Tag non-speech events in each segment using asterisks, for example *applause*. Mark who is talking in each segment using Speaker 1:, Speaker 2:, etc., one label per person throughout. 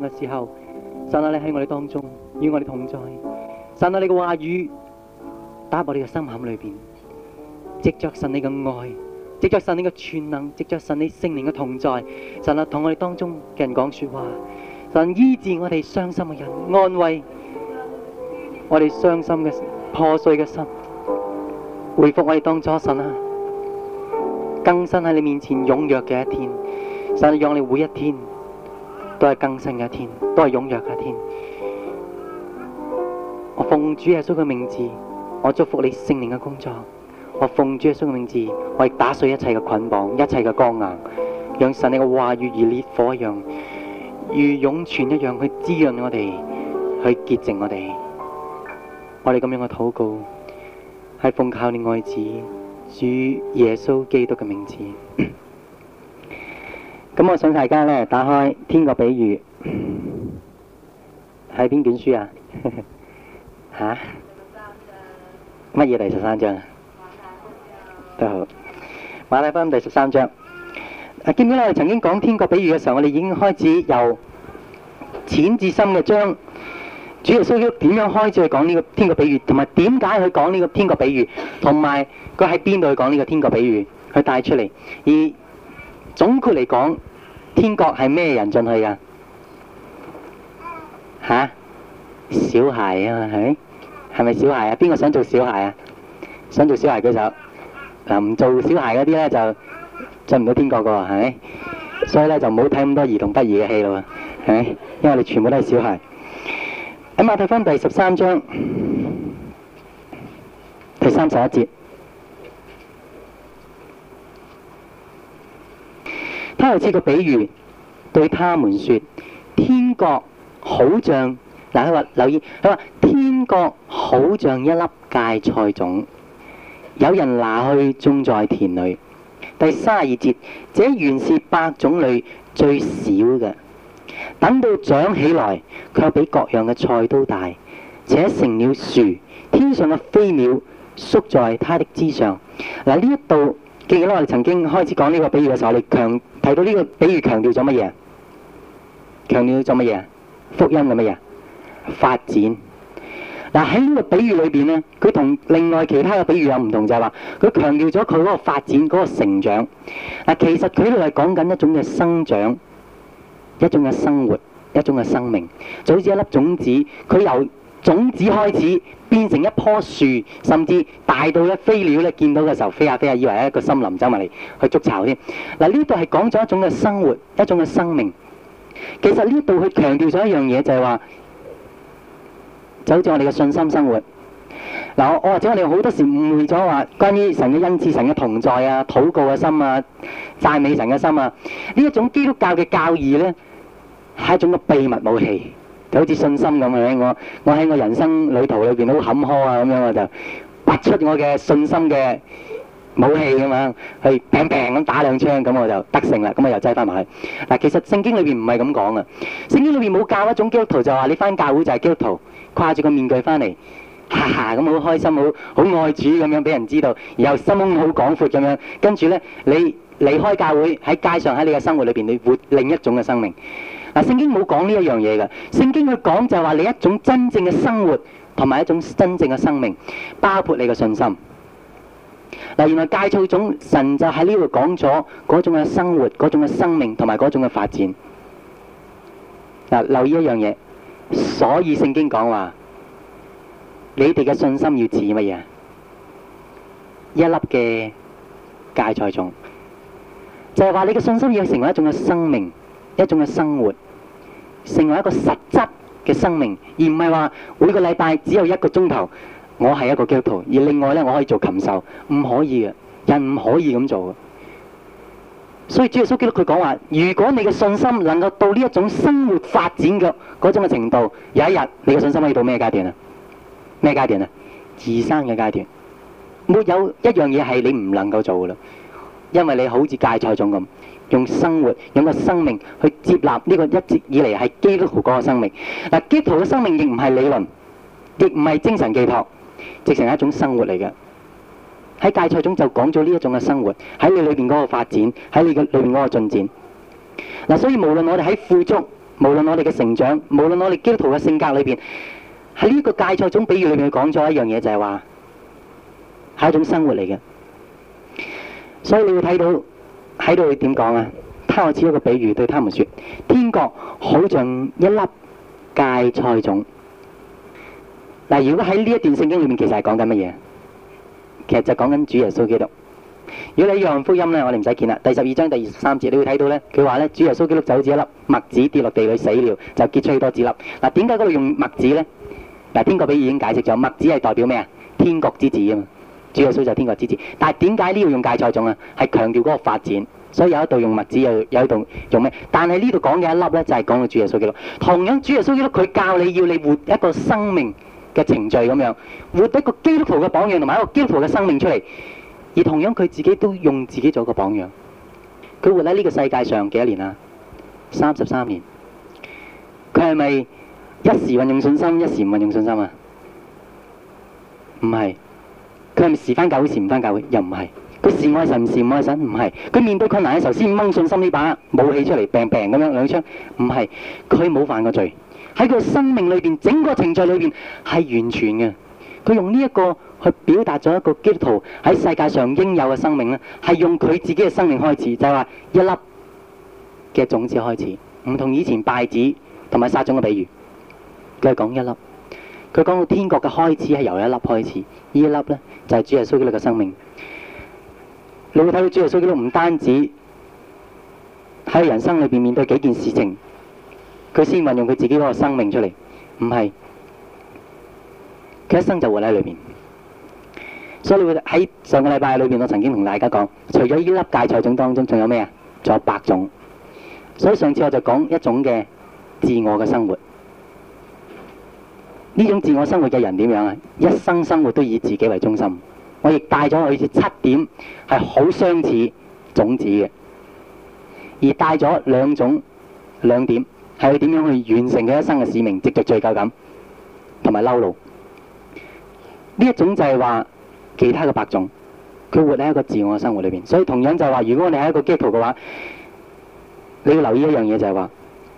Speaker 1: 嘅時候，神啊，你喺我哋當中與我哋同在，神啊，你嘅話語打爆我哋嘅心坎裏邊，藉着神你嘅愛，藉着神你嘅全能，藉着神你聖靈嘅同在，神啊，同我哋當中嘅人講說話，神啊，醫治我哋傷心嘅人，安慰我哋傷心嘅破碎嘅心，回復我哋當初神啊更新喺你面前踴躍嘅一天，神啊，讓你每一天。都係更新嘅一天，都係踴躍嘅一天。我奉主耶穌嘅名字，我祝福你聖靈嘅工作。我奉主耶穌嘅名字，我亦打碎一切嘅捆綁，一切嘅剛硬，讓神你嘅話語如烈火一樣，如湧泉一樣去滋潤我哋，去潔淨我哋。我哋咁樣嘅禱告，係奉靠你愛子主耶穌基督嘅名字。 *laughs* 咁、嗯、我想大家咧，打開《天國比喻》，喺邊卷書啊？嚇？乜嘢第十三章啊？都好，《馬太福音》第十三章。啊，記唔記得咧？我哋曾經講《天國比喻》嘅時候，我哋已經開始由淺至深嘅將主耶穌點樣開始去講呢個《天國比喻》，同埋點解去講呢個《天國比喻》，同埋佢喺邊度去講呢個《天國比喻》，去帶出嚟。而總括嚟講，天國係咩人進去噶？吓，小孩啊嘛，係咪？係咪小孩啊？邊個想做小孩啊？想做小孩嘅時候，嗱，唔做小孩嗰啲咧就進唔到天國噶喎，係咪？所以咧就唔好睇咁多兒童不宜嘅戲咯，係咪？因為你全部都係小孩。咁我睇返第十三章，第三十一節。他又設個比喻，對他們説：天國好像嗱，佢、啊、話，留意，佢話天國好像一粒芥菜種，有人拿去種在田裏。第三十二節：這原是百種類最少嘅，等到長起來，卻比各樣嘅菜都大，且成了樹，天上嘅飛鳥宿在它的枝上。嗱、啊，呢一度記，記得我哋曾經開始講呢個比喻嘅時候，我哋強。提到呢個比喻強調，強調咗乜嘢？強調咗乜嘢？福音嘅乜嘢？發展。嗱，喺呢個比喻裏邊咧，佢同另外其他嘅比喻有唔同，就係話佢強調咗佢嗰個發展、嗰個成長。嗱、啊，其實佢係講緊一種嘅生長，一種嘅生活，一種嘅生命，就好似一粒種子，佢由。種子開始變成一棵樹，甚至大到咧飛鳥咧見到嘅時候飛下啊飛下啊，以為係一個森林，走埋嚟，去捉巢添。嗱，呢度係講咗一種嘅生活，一種嘅生命。其實呢度佢強調咗一樣嘢，就係、是、話就好似我哋嘅信心生活。嗱、啊、我我或者我哋好多時誤會咗話，關於神嘅恩賜、神嘅同在啊、禱告嘅心啊、讚美神嘅心啊，呢一種基督教嘅教義咧係一種嘅秘密武器。就好似信心咁樣，我我喺我人生旅途裏邊好坎坷啊，咁樣我就拔出我嘅信心嘅武器咁樣，去平平咁打兩槍，咁我就得勝啦，咁我又擠翻埋去。嗱，其實聖經裏邊唔係咁講啊，聖經裏邊冇教一種基督徒就話你翻教會就係基督徒，跨住個面具翻嚟，哈哈咁好開心，好好愛主咁樣俾人知道，然後心胸好廣闊咁樣，跟住咧你離開教會喺街上喺你嘅生活裏邊，你活另一種嘅生命。嗱，聖經冇講呢一樣嘢嘅，聖經佢講就係話你一種真正嘅生活同埋一種真正嘅生命，包括你嘅信心。嗱，原來芥菜種神就喺呢度講咗嗰種嘅生活、嗰種嘅生命同埋嗰種嘅發展。嗱，留意一樣嘢，所以聖經講話你哋嘅信心要指乜嘢？一粒嘅芥菜種，就係話你嘅信心要成為一種嘅生命、一種嘅生活。成為一個實質嘅生命，而唔係話每個禮拜只有一個鐘頭，我係一個基督徒，而另外咧我可以做禽獸，唔可以嘅，人唔可以咁做嘅。所以主耶穌基督佢講話，如果你嘅信心能夠到呢一種生活發展嘅嗰種嘅程度，有一日你嘅信心可以到咩階段啊？咩階段啊？移山嘅階段，沒有一樣嘢係你唔能夠做噶啦，因為你好似芥菜種咁。用生活，用個生命去接納呢個一直以嚟係基督徒嗰個生命。嗱，基督徒嘅生命亦唔係理論，亦唔係精神寄託，直成係一種生活嚟嘅。喺芥菜種就講咗呢一種嘅生活，喺你裏邊嗰個發展，喺你嘅裏邊嗰個進展。嗱、啊，所以無論我哋喺富足，無論我哋嘅成長，無論我哋基督徒嘅性格裏邊，喺呢個芥菜種比喻裏邊講咗一樣嘢，就係話係一種生活嚟嘅。所以你會睇到。喺度佢點講啊？他開始一個比喻，對他們說：天國好像一粒芥菜種。嗱，如果喺呢一段聖經裏面，其實係講緊乜嘢？其實就講緊主耶穌基督。如果你要看福音咧，我哋唔使見啦。第十二章第二十三節你會睇到咧，佢話咧，主耶穌基督就好似一粒麥子跌落地裏死了，就結出許多子粒。嗱，點解嗰度用麥子咧？嗱，天國比喻已經解釋咗，麥子係代表咩啊？天國之子啊！主耶穌就天國之持，但係點解呢？要用芥菜種啊？係強調嗰個發展，所以有一度用麥子，有有一度用咩？但係呢度講嘅一粒咧，就係、是、講到主耶穌基督。同樣，主耶穌基督佢教你要你活一個生命嘅程序咁樣，活一個基督徒嘅榜樣同埋一個基督徒嘅生命出嚟。而同樣，佢自己都用自己做一個榜樣。佢活喺呢個世界上幾多年啊？三十三年。佢係咪一時運用信心，一時唔運用信心啊？唔係。佢係咪時返教會時唔返教會？又唔係。佢時愛神唔時愛神？唔係。佢面對困難嘅時候先掹信心呢把武器出嚟，病病咁樣兩槍。唔係。佢冇犯過罪。喺佢生命裏邊，整個程序裏邊係完全嘅。佢用呢一個去表達咗一個基督徒喺世界上應有嘅生命咧，係用佢自己嘅生命開始，就係話一粒嘅種子開始，唔同以前稗子同埋撒種嘅比喻。佢係講一粒。佢講到天國嘅開始係由一粒開始。呢一粒咧？就係主耶穌基督嘅生命，你會睇到主耶穌基督唔單止喺人生裏邊面面對幾件事情，佢先運用佢自己嗰個生命出嚟，唔係佢一生就活喺裏面。所以你會喺上個禮拜裏邊，我曾經同大家講，除咗呢粒芥菜種當中，仲有咩啊？仲有百種。所以上次我就講一種嘅自我嘅生活。呢種自我生活嘅人點樣啊？一生生活都以自己為中心。我亦帶咗佢好似七點係好相似種子嘅，而帶咗兩種兩點係佢點樣去完成佢一生嘅使命，藉著追究感同埋嬲怒。呢一種就係話其他嘅百種，佢活喺一個自我生活裏邊。所以同樣就係話，如果你哋喺一個 group 嘅話，你要留意一樣嘢就係話。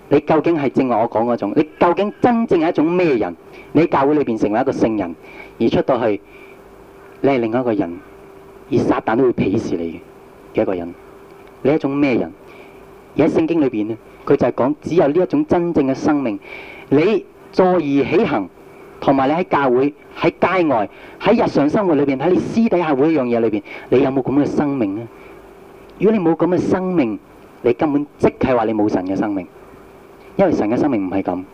Speaker 1: 你究竟係正話我講嗰種？你究竟真正係一種咩人？你喺教會裏邊成為一個聖人，而出到去你係另外一個人，而撒旦都會鄙視你嘅一個人。你係一種咩人？而喺聖經裏邊咧，佢就係講只有呢一種真正嘅生命。你坐而起行，同埋你喺教會、喺街外、喺日常生活裏邊、喺你私底下嗰樣嘢裏邊，你有冇咁嘅生命呢？如果你冇咁嘅生命，你根本即係話你冇神嘅生命。因為神嘅生命唔係咁，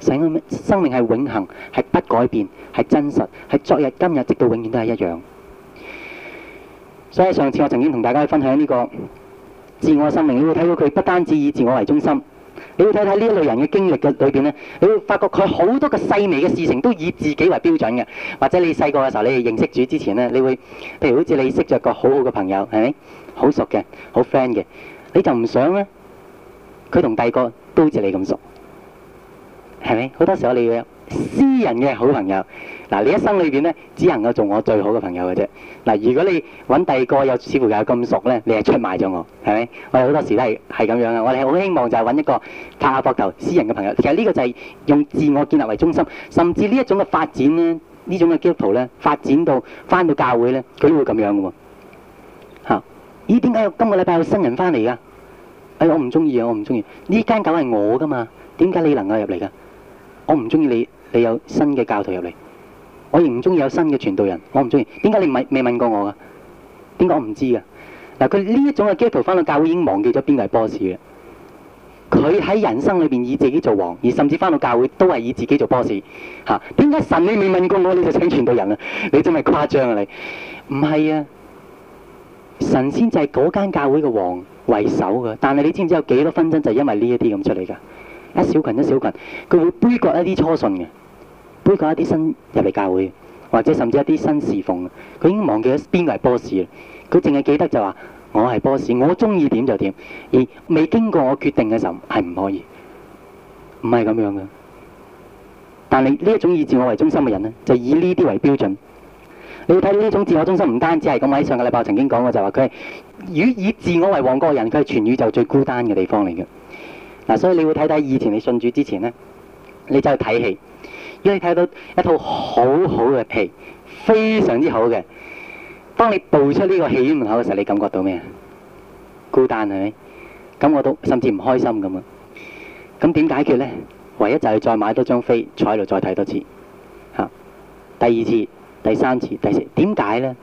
Speaker 1: 神嘅生命係永恆，係不改變，係真實，係昨日、今日直到永遠都係一樣。所以上次我曾經同大家分享呢個自我生命，你會睇到佢不單止以自我為中心，你會睇睇呢一類人嘅經歷嘅裏邊咧，你會發覺佢好多個細微嘅事情都以自己為標準嘅。或者你細個嘅時候，你哋認識主之前呢，你會譬如好似你識著個好好嘅朋友，係咪好熟嘅、好 friend 嘅，你就唔想咧。佢同第二個都好似你咁熟，係咪？好多時候你哋有私人嘅好朋友，嗱你一生裏邊咧，只能夠做我最好嘅朋友嘅啫。嗱，如果你揾第二個又似乎又咁熟咧，你係出賣咗我，我，係咪？我哋好多時都係係咁樣啊！我哋好希望就係揾一個靠下膊頭私人嘅朋友。其實呢個就係用自我建立為中心，甚至呢一種嘅發展咧，呢種嘅基督徒咧，發展到翻到教會咧，佢都會咁樣嘅喎。嚇！咦？點解又今個禮拜有新人翻嚟㗎？哎，我唔中意啊！我唔中意呢間狗係我噶嘛？點解你能夠入嚟噶？我唔中意你，你有新嘅教徒入嚟，我亦唔中意有新嘅傳道人。我唔中意，點解你唔未，未問過我噶？點解我唔知啊？嗱、啊，佢呢一種嘅基督徒翻到教會已經忘記咗邊個係 boss 嘅，佢喺人生裏邊以自己做王，而甚至翻到教會都係以自己做 boss 吓。啊、點解神你未問過我你就請傳道人啦？你真係誇張啊！你唔係啊？神仙就係嗰間教會嘅王。為首嘅，但係你知唔知有幾多紛爭就係因為呢一啲咁出嚟噶？一小群一小群，佢會杯葛一啲初信嘅，杯葛一啲新入嚟教會，或者甚至一啲新侍奉嘅，佢已經忘記咗邊個係 boss 啦，佢淨係記得就話我係 boss，我中意點就點，而未經過我決定嘅時候係唔可以，唔係咁樣嘅。但係呢一種以自我為中心嘅人咧，就以呢啲為標準。你會睇到呢種自我中心，唔單止係咁。喺上個禮拜曾經講過就，就話佢係與以自我為王國嘅人，佢係全宇宙最孤單嘅地方嚟嘅。嗱、啊，所以你會睇睇以前你信主之前咧，你就睇戲，因為你睇到一套好好嘅戲，非常之好嘅。當你步出呢個戲院門口嘅時候，你感覺到咩啊？孤單係咪？咁我都，甚至唔開心咁啊？咁點解決咧？唯一就係再買多張飛坐喺度再睇多次。嚇、啊，第二次。第三次、第四，點解呢？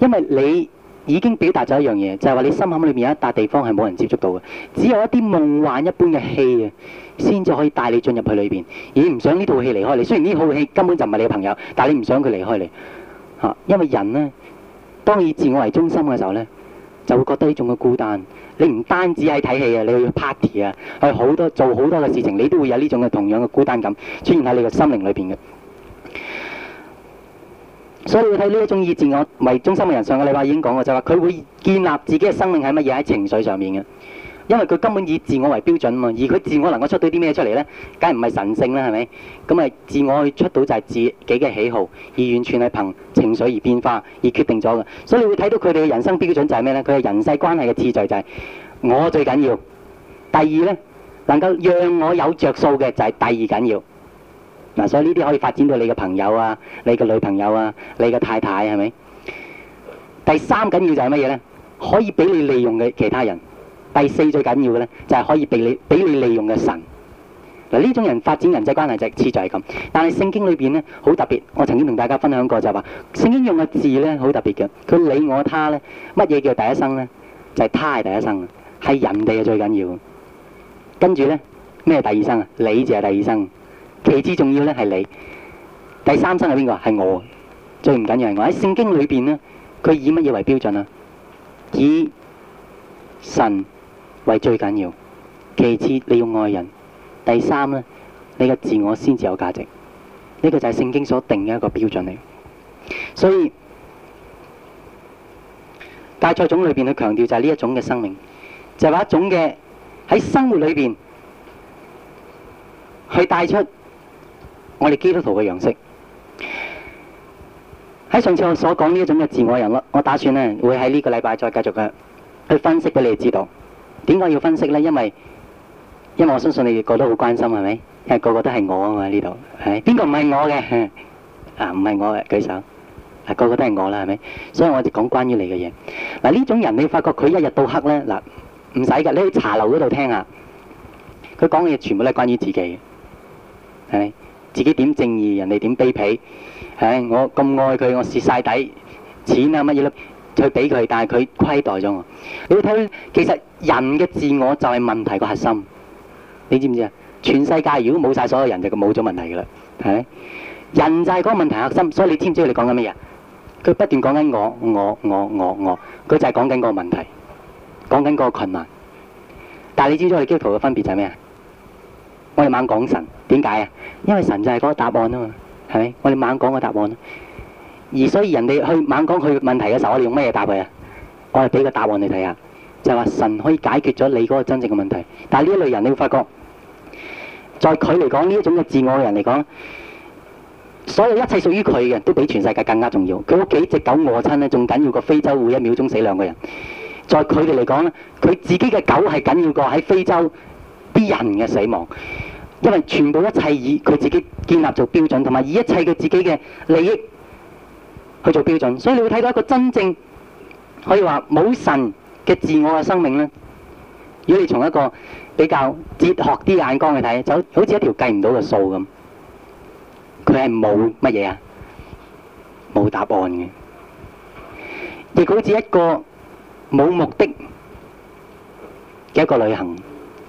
Speaker 1: 因為你已經表達咗一樣嘢，就係話你心坎裏面有一笪地方係冇人接觸到嘅，只有一啲夢幻一般嘅戲啊，先至可以帶你進入去裏邊，而唔想呢套戲離開你。雖然呢套戲根本就唔係你嘅朋友，但係你唔想佢離開你嚇、啊。因為人呢，當以自我為中心嘅時候呢，就會覺得呢種嘅孤單。你唔單止係睇戲啊，你去 party 啊，去好多做好多嘅事情，你都會有呢種嘅同樣嘅孤單感出現喺你嘅心靈裏邊嘅。所以你睇呢一種以自我為中心嘅人，上個禮拜已經講過，就話佢會建立自己嘅生命係乜嘢喺情緒上面嘅，因為佢根本以自我為標準嘛。而佢自我能夠出到啲咩出嚟呢？梗係唔係神性啦，係咪？咁咪自我去出到就係自己嘅喜好，而完全係憑情緒而變化而決定咗嘅。所以你會睇到佢哋嘅人生標準就係咩呢？佢係人際關係嘅次序就係我最緊要，第二呢，能夠讓我有着數嘅就係第二緊要。嗱、啊，所以呢啲可以發展到你嘅朋友啊、你嘅女朋友啊、你嘅太太，係咪？第三緊要就係乜嘢呢？可以俾你利用嘅其他人。第四最緊要嘅呢，就係可以俾你俾你利用嘅神。嗱、啊，呢種人發展人際關係就始終係咁。但係聖經裏邊呢，好特別，我曾經同大家分享過就係話，聖經用嘅字呢，好特別嘅，佢你我他呢，乜嘢叫第一生呢？就係、是、他係第一生，係人哋最緊要。跟住呢，咩第二生啊？你就係第二生。你其次重要咧，係你，第三身係邊個啊？係我。最唔緊要係我。喺聖經裏邊咧，佢以乜嘢為標準啊？以神為最緊要，其次你要愛人，第三咧你嘅自我先至有價值。呢個就係聖經所定嘅一個標準嚟。所以芥菜種裏邊佢強調就係呢一種嘅生命，就係話一種嘅喺生活裏邊去帶出。我哋基督徒嘅樣式喺上次我所講呢一種嘅自我人咯，我打算咧會喺呢個禮拜再繼續嘅去分析俾你哋知道。點解要分析呢？因為因為我相信你哋覺得好關心係咪？因為個個都係我啊嘛，呢度係邊個唔係我嘅啊？唔係我嘅舉手啊，個個都係我啦，係咪？所以我就講關於你嘅嘢嗱。呢、啊、種人你發覺佢一日到黑呢，嗱、啊，唔使嘅，你去茶樓嗰度聽啊，佢講嘅嘢全部都係關於自己嘅，係咪？自己點正義，人哋點卑鄙，係我咁愛佢，我蝕曬底錢啊乜嘢咯，去俾佢，但係佢虧待咗我。你睇，其實人嘅自我就係問題個核心，你知唔知啊？全世界如果冇曬所有人，就冇咗問題噶啦，係咪？人就係嗰個問題核心，所以你知唔知你講緊乜嘢啊？佢不斷講緊我我我我我，佢就係講緊個問題，講緊個困難。但係你知唔知我哋基督徒嘅分別就係咩啊？我哋猛講神，點解啊？因為神就係嗰個答案啊嘛，係咪？我哋猛講個答案。而所以人哋去猛講佢問題嘅時候我，我哋用咩嘢答佢啊？我哋俾個答案你睇下，就係話神可以解決咗你嗰個真正嘅問題。但係呢一類人你會發覺，在佢嚟講呢一種嘅自我嘅人嚟講，所有一切屬於佢嘅都比全世界更加重要。佢屋企隻狗餓親呢，仲緊要過非洲會一秒鐘死兩個人。在佢哋嚟講咧，佢自己嘅狗係緊要過喺非洲啲人嘅死亡，因為全部一切以佢自己建立做標準，同埋以一切佢自己嘅利益去做標準，所以你會睇到一個真正可以話冇神嘅自我嘅生命咧。如果你從一個比較哲學啲眼光去睇，就好似一條計唔到嘅數咁，佢係冇乜嘢啊，冇答案嘅，亦好似一個冇目的嘅一個旅行。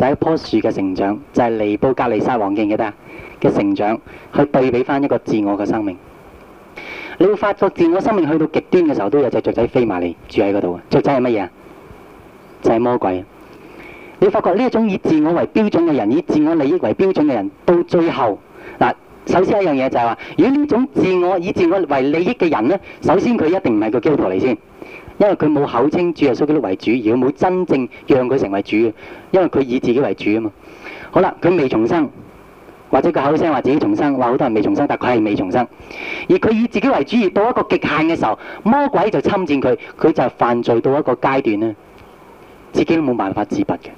Speaker 1: 就係一棵樹嘅成長，就係尼布格利沙王記唔記得嘅成長，去對比翻一個自我嘅生命。你會發覺自我生命去到極端嘅時候，都有隻雀仔飛埋嚟住喺嗰度。雀仔係乜嘢啊？就係魔鬼。你會發覺呢一種以自我為標準嘅人，以自我利益為標準嘅人，到最後嗱，首先一樣嘢就係話，如果呢種自我以自我為利益嘅人咧，首先佢一定唔係個基督徒嚟先。因為佢冇口稱主耶穌基督為主，而佢冇真正讓佢成為主，因為佢以自己為主嘛。好啦，佢未重生，或者佢口聲話自己重生，話好多人未重生，但佢係未重生。而佢以自己為主，而到一個極限嘅時候，魔鬼就侵占佢，佢就犯罪到一個階段呢，自己都冇辦法自拔嘅。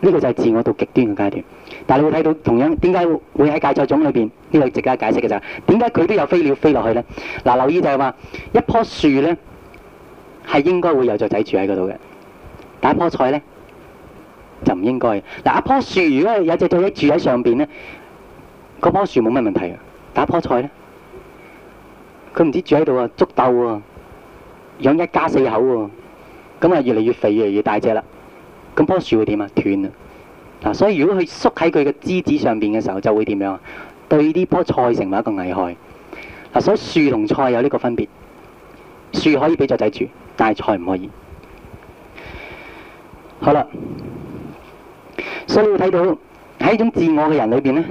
Speaker 1: 呢個就係自我到極端嘅階段。但係你會睇到同樣，點解會喺芥菜種裏邊呢個值得解釋嘅就係，點解佢都有飛鳥飛落去咧？嗱、啊，留意就係話一棵樹咧係應該會有雀仔住喺嗰度嘅，打係棵菜咧就唔應該。嗱、啊，一棵樹如果有一隻雀仔住喺上邊咧，嗰棵樹冇咩問題啊，但棵菜咧，佢唔知住喺度啊，捉斗啊，養一家四口啊，咁啊越嚟越肥，越嚟越大隻啦，咁棵樹會點啊？斷啊！嗱、啊，所以如果佢縮喺佢嘅枝子上邊嘅時候，就會點樣？對呢棵菜成為一個危害。嗱、啊，所以樹同菜有呢個分別。樹可以俾雀仔住，但係菜唔可以。好啦，所以你睇到喺一種自我嘅人裏邊咧，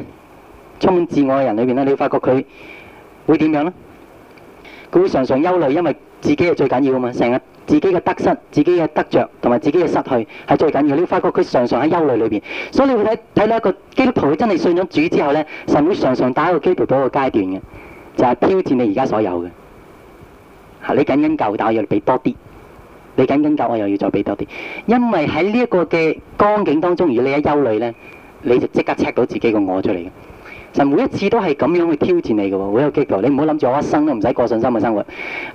Speaker 1: 充滿自我嘅人裏邊咧，你會發覺佢會點樣咧？佢會常常憂慮，因為自己係最緊要啊嘛，成日自己嘅得失、自己嘅得着同埋自己嘅失去係最緊要。你會發覺佢常常喺憂慮裏邊，所以你會睇睇到一個基督徒真係信咗主之後咧，神會常常打一個基督徒個階段嘅，就係、是、挑戰你而家所有嘅嚇、啊。你緊緊夠，但我又要俾多啲；你緊緊夠，我又要再俾多啲。因為喺呢一個嘅光景當中，如果你一憂慮咧，你就即刻 check 到自己個我出嚟嘅。神每一次都係咁樣去挑戰你嘅喎，好有激度。你唔好諗住我一生都唔使過信心嘅生活，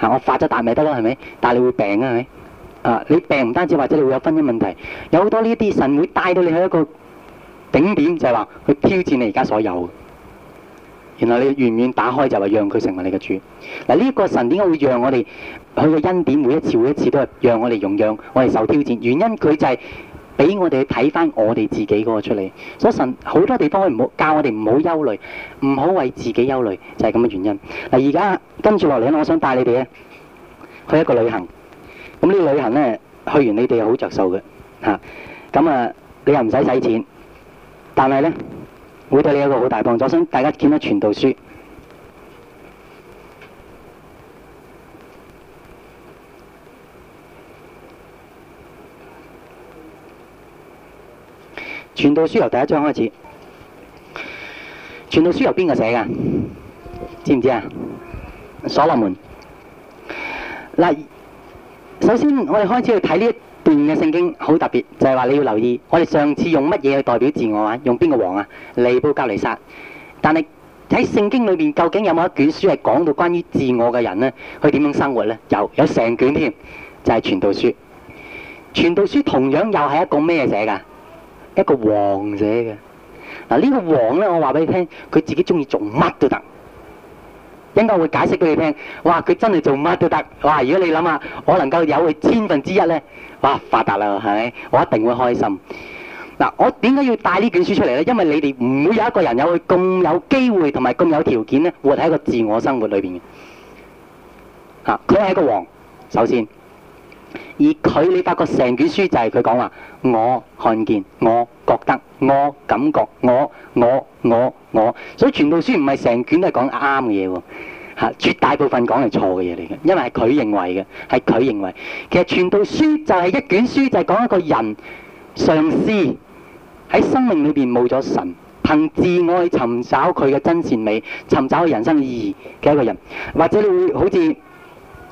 Speaker 1: 嚇我發咗大咪得囉，係咪？但係你會病啊，係咪？啊，你病唔單止或者你會有婚姻問題，有好多呢啲神會帶到你去一個頂點，就係話去挑戰你而家所有。然後你願唔願打開，就係讓佢成為你嘅主。嗱，呢一個神點解會讓我哋，佢嘅恩典每一次每一次都係讓我哋容讓，我哋受挑戰，原因佢就係。俾我哋睇翻我哋自己嗰個出嚟。所以神好多地方可以教我哋唔好憂慮，唔好為自己憂慮，就係咁嘅原因。嗱，而家跟住落嚟咧，我想帶你哋去一個旅行。咁呢個旅行咧，去完你哋係好着數嘅嚇。咁啊，啊，你又唔使使錢，但係咧會對你一個好大幫助。我想大家見到全套書。《傳道書》由第一章開始，《傳道書》由邊個寫噶知唔知啊？所羅門。嗱，首先我哋開始去睇呢一段嘅聖經，好特別，就係話你要留意，我哋上次用乜嘢去代表自我啊？用邊個王啊？尼布甲尼撒。但係喺聖經裏面，究竟有冇一卷書係講到關於自我嘅人呢？佢點樣生活呢？有有成卷添，就係《傳道書》。《傳道書》同樣又係一個咩寫噶一個王者嘅。嗱，呢個王咧，我話俾你聽，佢自己鍾意做乜都得。應該我會解釋俾你聽，哇！佢真係做乜都得，哇！如果你諗下，我能夠有佢千分之一咧，哇！發達啦，係咪？我一定會開心。嗱，我點解要帶呢卷書出嚟咧？因為你哋唔會有一個人有佢咁有機會同埋咁有條件咧，活喺一個自我生活裏面嘅吓。佢係一個王，首先。而佢，你發覺成卷書就係佢講話，我看見，我覺得，我感覺，我我我我，所以傳道書唔係成卷都係講啱嘅嘢喎，嚇絕大部分講係錯嘅嘢嚟嘅，因為係佢認為嘅，係佢認為。其實傳道書就係一卷書，就係講一個人上司喺生命裏邊冇咗神，憑自我去尋找佢嘅真善美，尋找佢人生意義嘅一個人。或者你會好似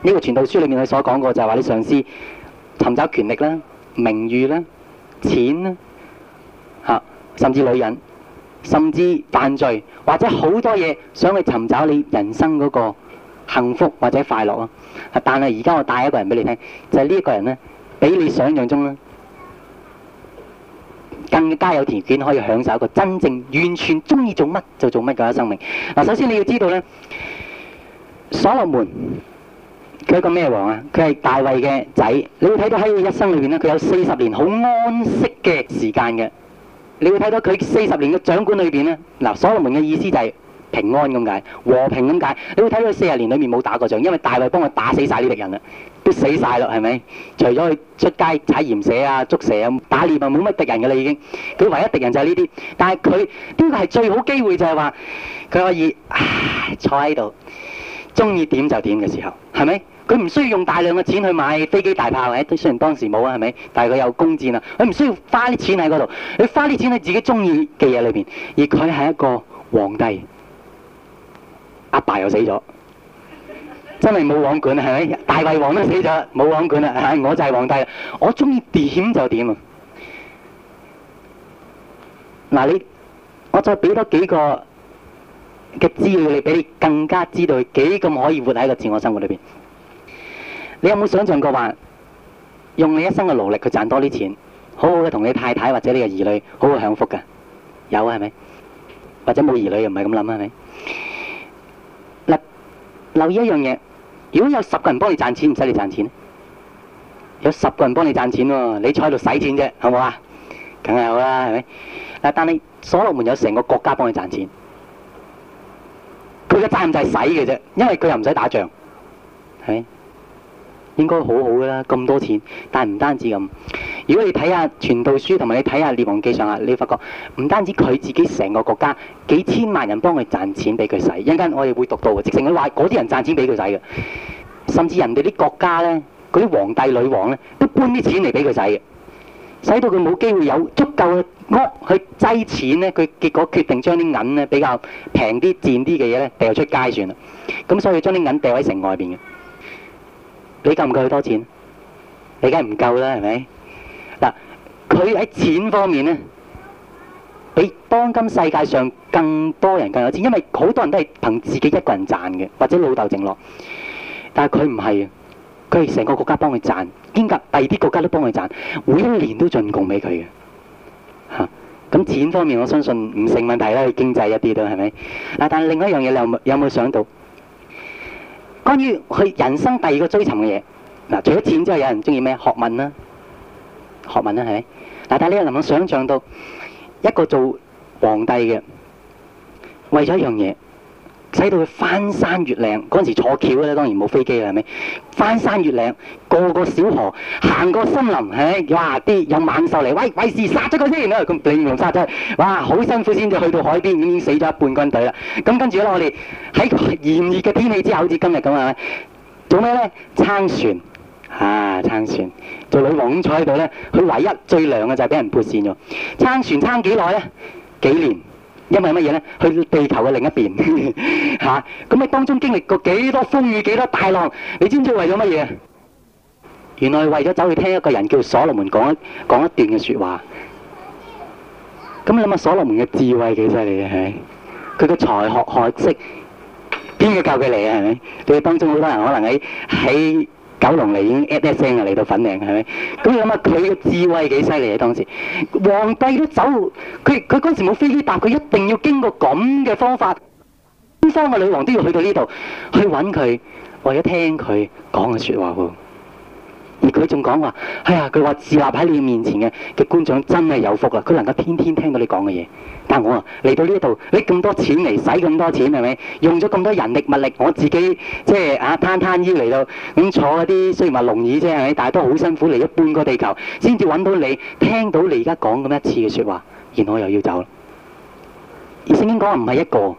Speaker 1: 呢個傳道書裏面佢所講過，就係話啲上司。尋找權力啦、名譽啦、錢啦、啊、甚至女人，甚至犯罪，或者好多嘢想去尋找你人生嗰個幸福或者快樂啊！啊，但係而家我帶一個人俾你聽，就係呢一個人咧，比你想象中咧更加有條件可以享受一個真正完全鍾意做乜就做乜嘅生命。嗱、啊，首先你要知道咧，所羅門。佢係一個咩王啊？佢係大衛嘅仔。你會睇到喺佢一生裏邊咧，佢有四十年好安息嘅時間嘅。你會睇到佢四十年嘅掌管裏邊咧，嗱，所羅門嘅意思就係平安咁解，和平咁解。你會睇到佢四十年裏面冇打過仗，因為大衛幫佢打死曬啲敵人啦，都死晒咯，係咪？除咗佢出街踩鹽蛇啊、捉蛇啊、打獵啊，冇乜敵人嘅啦已經。佢唯一敵人就係呢啲。但係佢呢個係最好機會就，就係話佢可以啊坐喺度，中意點就點嘅時候，係咪？佢唔需要用大量嘅錢去買飛機大炮嘅，都雖然當時冇啊，係咪？但係佢有弓箭啊，佢唔需要花啲錢喺嗰度，你花啲錢喺自己中意嘅嘢裏邊。而佢係一個皇帝，阿爸，爸又死咗，真係冇王管啊，係咪？大衛王都死咗，冇王管啦。我就係皇帝，我中意點就點啊！嗱，你我再俾多幾個嘅資料你，俾你更加知道佢幾咁可以活喺個自我生活裏邊。你有冇想象過話用你一生嘅勞力，去賺多啲錢，好好嘅同你太太或者你嘅兒女好好享福嘅？有啊？係咪？或者冇兒女又唔係咁諗啊？係咪？嗱，留意一樣嘢，如果有十個人幫你賺錢，唔使你賺錢，有十個人幫你賺錢喎、啊，你坐喺度使錢啫，好唔好啊？梗係好啦，係咪？嗱，但係所羅門有成個國家幫你賺錢，佢嘅責任就係使嘅啫，因為佢又唔使打仗，係咪？應該好好嘅啦，咁多錢，但係唔單止咁。如果你睇下《傳道書》同埋你睇下《列王記》上啊，你會發覺唔單止佢自己成個國家幾千萬人幫佢賺錢俾佢使，一陣間我哋會讀到嘅，直情佢話嗰啲人賺錢俾佢使嘅，甚至人哋啲國家咧，嗰啲皇帝女王咧，都搬啲錢嚟俾佢使嘅，使到佢冇機會有足夠嘅屋去擠錢咧，佢結果決定將啲銀咧比較平啲、賤啲嘅嘢咧掉出街算啦，咁所以將啲銀掉喺城外邊嘅。你夠唔夠佢多錢？你梗係唔夠啦，係咪？嗱，佢喺錢方面咧，比當今世界上更多人更有錢，因為好多人都係憑自己一個人賺嘅，或者老豆剩落。但係佢唔係嘅，佢係成個國家幫佢賺，兼夾第二啲國家都幫佢賺，每一年都進貢俾佢嘅。嚇、啊！咁錢方面，我相信唔成問題啦，經濟一啲都係咪？嗱，但係另一樣嘢，你有冇有冇想到？關於佢人生第二個追尋嘅嘢，除咗錢之外，有人中意咩學問啦，學問啦，係咪？大家但係能有冇想像到一個做皇帝嘅為咗一樣嘢？使到佢翻山越嶺，嗰陣時坐轎咧，當然冇飛機啦，係咪？翻山越嶺，過個小河，行過森林，嘿，哇！啲有猛獸嚟，喂，為事殺咗佢先啦，咁亂龍殺真係，哇！好辛苦先至去到海邊，已經死咗一半軍隊啦。咁跟住我哋喺炎熱嘅天氣之下，好似今日咁樣，做咩咧？撐船啊，撐船！做女王坐喺度咧，佢唯一最涼嘅就係俾人撥扇喎。撐船撐幾耐咧？幾年？因為乜嘢咧？去地球嘅另一邊，吓，咁你當中經歷過幾多風雨，幾多大浪？你知唔知為咗乜嘢？原來為咗走去聽一個人叫所羅門講一講一段嘅說話。咁你諗下所羅門嘅智慧幾犀利啊？係咪？佢嘅才學學識，邊個教佢嚟啊？係咪？你當中好多人可能喺喺。九龍嚟已經 s t 一聲啊，嚟到粉嶺係咪？咁啊嘛，佢嘅智慧幾犀利啊！當時皇帝都走，佢佢嗰時冇飛機搭，佢一定要經過咁嘅方法。三個女王都要去到呢度，去揾佢，或者聽佢講嘅説話。而佢仲講話，哎呀！佢話自立喺你面前嘅嘅官長真係有福啦，佢能夠天天聽到你講嘅嘢。但我啊嚟到呢度，搦咁多錢嚟使咁多錢係咪？用咗咁多人力物力，我自己即係啊攤攤腰嚟到咁坐嗰啲，雖然話龍椅啫係咪？但係都好辛苦嚟咗半個地球，先至揾到你聽到你而家講咁一次嘅説話，然後我又要走。而聖經講唔係一個。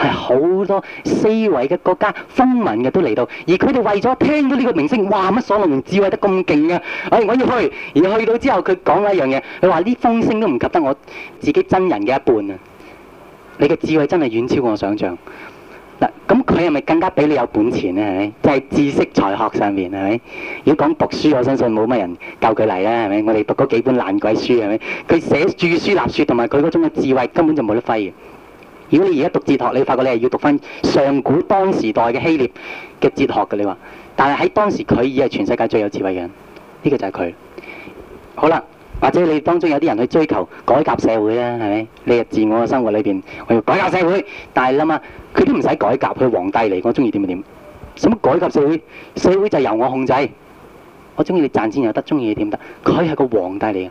Speaker 1: 係好多四圍嘅國家風聞嘅都嚟到，而佢哋為咗聽到呢個名聲哇！乜所能用智慧得咁勁啊？哎，我要去，然後去到之後佢講一樣嘢，佢話呢風聲都唔及得我自己真人嘅一半啊！你嘅智慧真係遠超過我想象嗱，咁佢係咪更加比你有本錢咧？係咪？即係知識才學上面係咪？如果講讀書，我相信冇乜人教佢嚟啦，係咪？我哋讀嗰幾本爛鬼書係咪？佢寫住書立説同埋佢嗰種嘅智慧根本就冇得揮嘅。如果你而家讀哲學，你發覺你係要讀翻上古當時代嘅希臘嘅哲學嘅，你話，但係喺當時佢已係全世界最有智慧嘅人，呢個就係佢。好啦，或者你當中有啲人去追求改革社會啊，係咪？你喺自我嘅生活裏邊，我要改革社會，但係諗下佢都唔使改革，佢皇帝嚟，我中意點就點，使乜改革社會？社會就由我控制，我中意你賺錢又得，中意你點得，佢係個皇帝嚟嘅。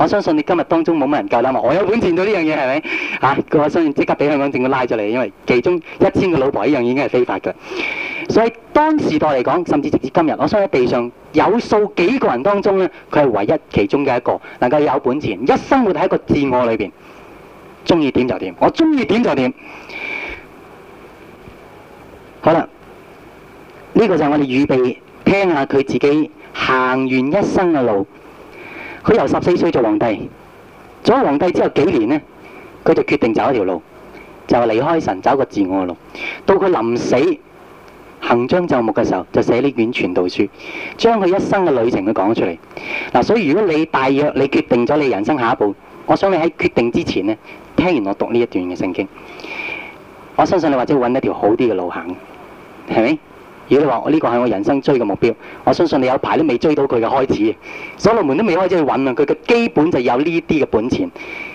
Speaker 1: 我相信你今日當中冇乜人夠膽話我有本錢做呢樣嘢，係咪嚇？我相信即刻俾香港政府拉咗你，因為其中一千個老婆呢樣已經係非法嘅。所以當時代嚟講，甚至直至今日，我相信地上有數幾個人當中咧，佢係唯一其中嘅一個，能夠有本錢，一生活喺一個自我裏邊，中意點就點，我中意點就點。好啦，呢個就係我哋預備聽下佢自己行完一生嘅路。佢由十四歲做皇帝，做咗皇帝之後幾年呢，佢就決定走一條路，就離開神，走個自我嘅路。到佢臨死行將就木嘅時候，就寫呢卷傳道書，將佢一生嘅旅程佢講咗出嚟。嗱、啊，所以如果你大約你決定咗你人生下一步，我想你喺決定之前呢，聽完我讀呢一段嘅聖經，我相信你或者會揾一條好啲嘅路行，係咪？如果你話我呢個係我人生追嘅目標，我相信你有排都未追到佢嘅開始。所羅門都未開始去揾啊，佢嘅基本就有呢啲嘅本錢，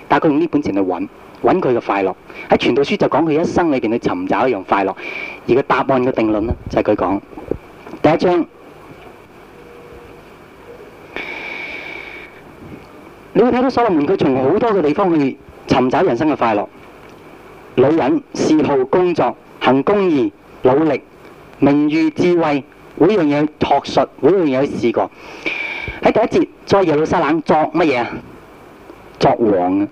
Speaker 1: 但係佢用呢本錢去揾揾佢嘅快樂。喺傳道書就講佢一生裏邊去尋找一樣快樂，而個答案嘅定論咧就係佢講第一章，你會睇到所羅門佢從好多嘅地方去尋找人生嘅快樂。女人、嗜好工作、行公義、努力。名譽智慧，每樣嘢學術，每樣嘢試過。喺第一節，喺耶路撒冷作乜嘢？作王啊！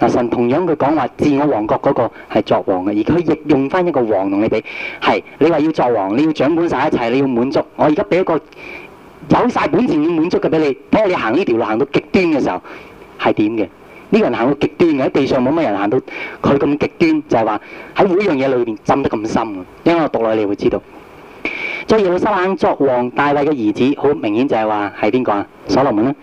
Speaker 1: 嗱，神同樣佢講話，自我王國嗰個係作王嘅，而佢亦用翻一個王同你比。係你話要作王，你要掌管晒一切，你要滿足。我而家俾一個有晒本錢要滿足嘅俾你，睇下你行呢條路行到極端嘅時候係點嘅？呢、呢個人行到極端嘅，喺地上冇乜人行到佢咁極端，就係話喺每樣嘢裏邊浸得咁深嘅，因為我讀落你會知道。再有耶路撒冷作王大衛嘅兒子，好明顯就係話係邊個啊？所羅門啦、啊。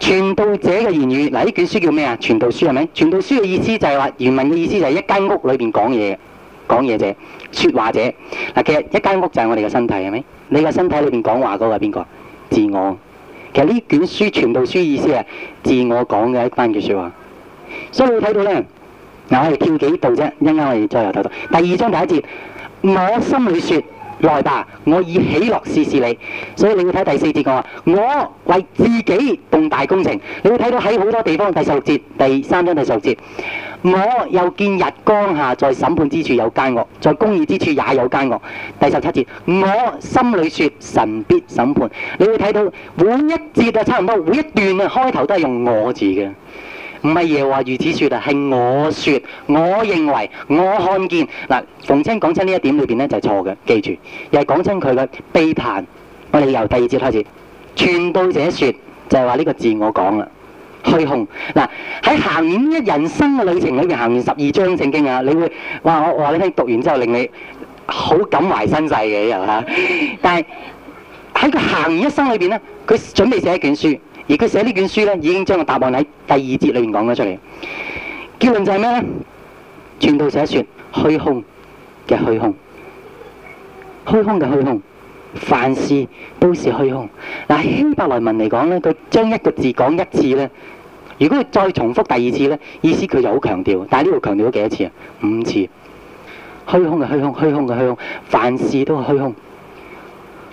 Speaker 1: 傳道者嘅言語，嗱呢卷書叫咩啊？傳道書係咪？傳道書嘅意思就係話原文嘅意思就係一間屋裏邊講嘢，講嘢者說話者。嗱其實一間屋就係我哋嘅身體，係咪？你嘅身體裏邊講話嗰個係邊個？自我。其實呢卷書傳道書意思係自我講嘅一班嘅說話。所以你睇到咧，嗱、啊、我哋跳幾度啫，走一陣間我哋再由睇到第二章第一節，我心裏說。來吧，我以喜樂試試你。所以你要睇第四節講話，我為自己動大工程。你會睇到喺好多地方，第十六節、第三章第十六節，我又見日光下在審判之處有奸惡，在公義之處也有奸惡。第十七節，我心裡說：神必審判。你會睇到每一節啊，差唔多，每一段啊，開頭都係用我字嘅。唔係耶話如此説啊，係我説，我認為，我看見嗱，馮清講親呢一點裏邊咧就係、是、錯嘅，記住，又係講親佢嘅悲嘆。我哋由第二節開始，傳道者説就係話呢個自我講啦，虛空，嗱喺行完一人生嘅旅程裏邊，行完十二章聖經啊，你會話我話你聽讀完之後令你好感懷身世嘅又嚇，但係喺佢行完一生裏邊咧，佢準備寫一卷書。而佢寫呢卷書咧，已經將個答案喺第二節裏面講咗出嚟。結論就係咩咧？傳道者一説虛空嘅虛空，虛空嘅虛空，凡事都是虛空。嗱，希伯來文嚟講咧，佢將一個字講一次咧。如果佢再重複第二次咧，意思佢就好強調。但係呢度強調咗幾多次啊？五次。虛空嘅虛空，虛空嘅虛空，凡事都係虛空。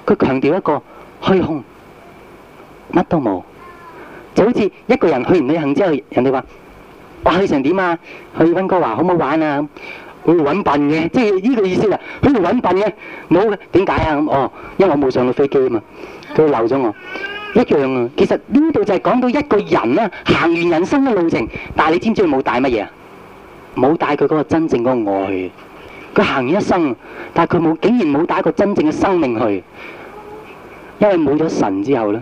Speaker 1: 佢強調一個虛空，乜都冇。就好似一個人去完旅行之後，人哋話：哇，去成點啊？去溫哥華好唔好玩啊？佢揾笨嘅，即係呢個意思啦。佢揾笨嘅，冇嘅。點解啊？哦，因為我冇上到飛機啊嘛，佢留咗我。一樣啊。其實呢度就係講到一個人啦、啊，行完人生嘅路程，但係你知唔知佢冇帶乜嘢啊？冇帶佢嗰個真正嗰個愛去。佢行完一生，但係佢冇，竟然冇帶一個真正嘅生命去，因為冇咗神之後咧。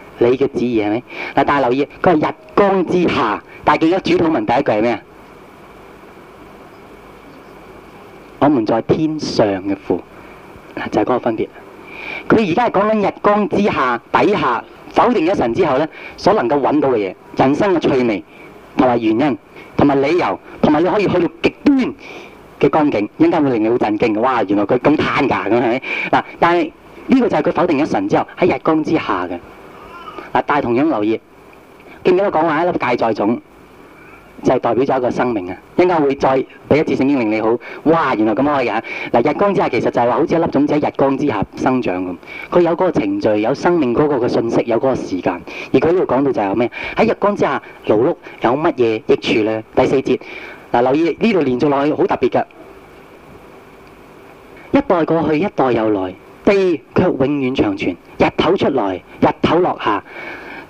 Speaker 1: 你嘅旨意係咪？嗱，大家留意，佢係日光之下，但係記得主禱文第一句係咩啊？嗯、我們在天上嘅父，就係、是、嗰個分別。佢而家係講緊日光之下底下否定咗神之後咧，所能夠揾到嘅嘢，人生嘅趣味同埋原因同埋理由，同埋你可以去到極端嘅光景，應該會令你好震驚嘅。哇！原來佢咁嘆㗎，係咪？嗱，但係呢、這個就係佢否定咗神之後喺日光之下嘅。但同樣留意，見唔見我講話一粒芥菜種，就係代表咗一個生命啊！人家會再俾一次聖經令。你好，哇！原來咁開嘢嗱，日光之下其實就係話好似一粒種子喺日光之下生長咁，佢有嗰個程序，有生命嗰個嘅信息，有嗰個時間，而佢呢度講到就係咩？喺日光之下勞碌有乜嘢益處咧？第四節嗱，留意呢度連續落去好特別嘅，一代過去一代又來。地卻永遠長存，日頭出來，日頭落下，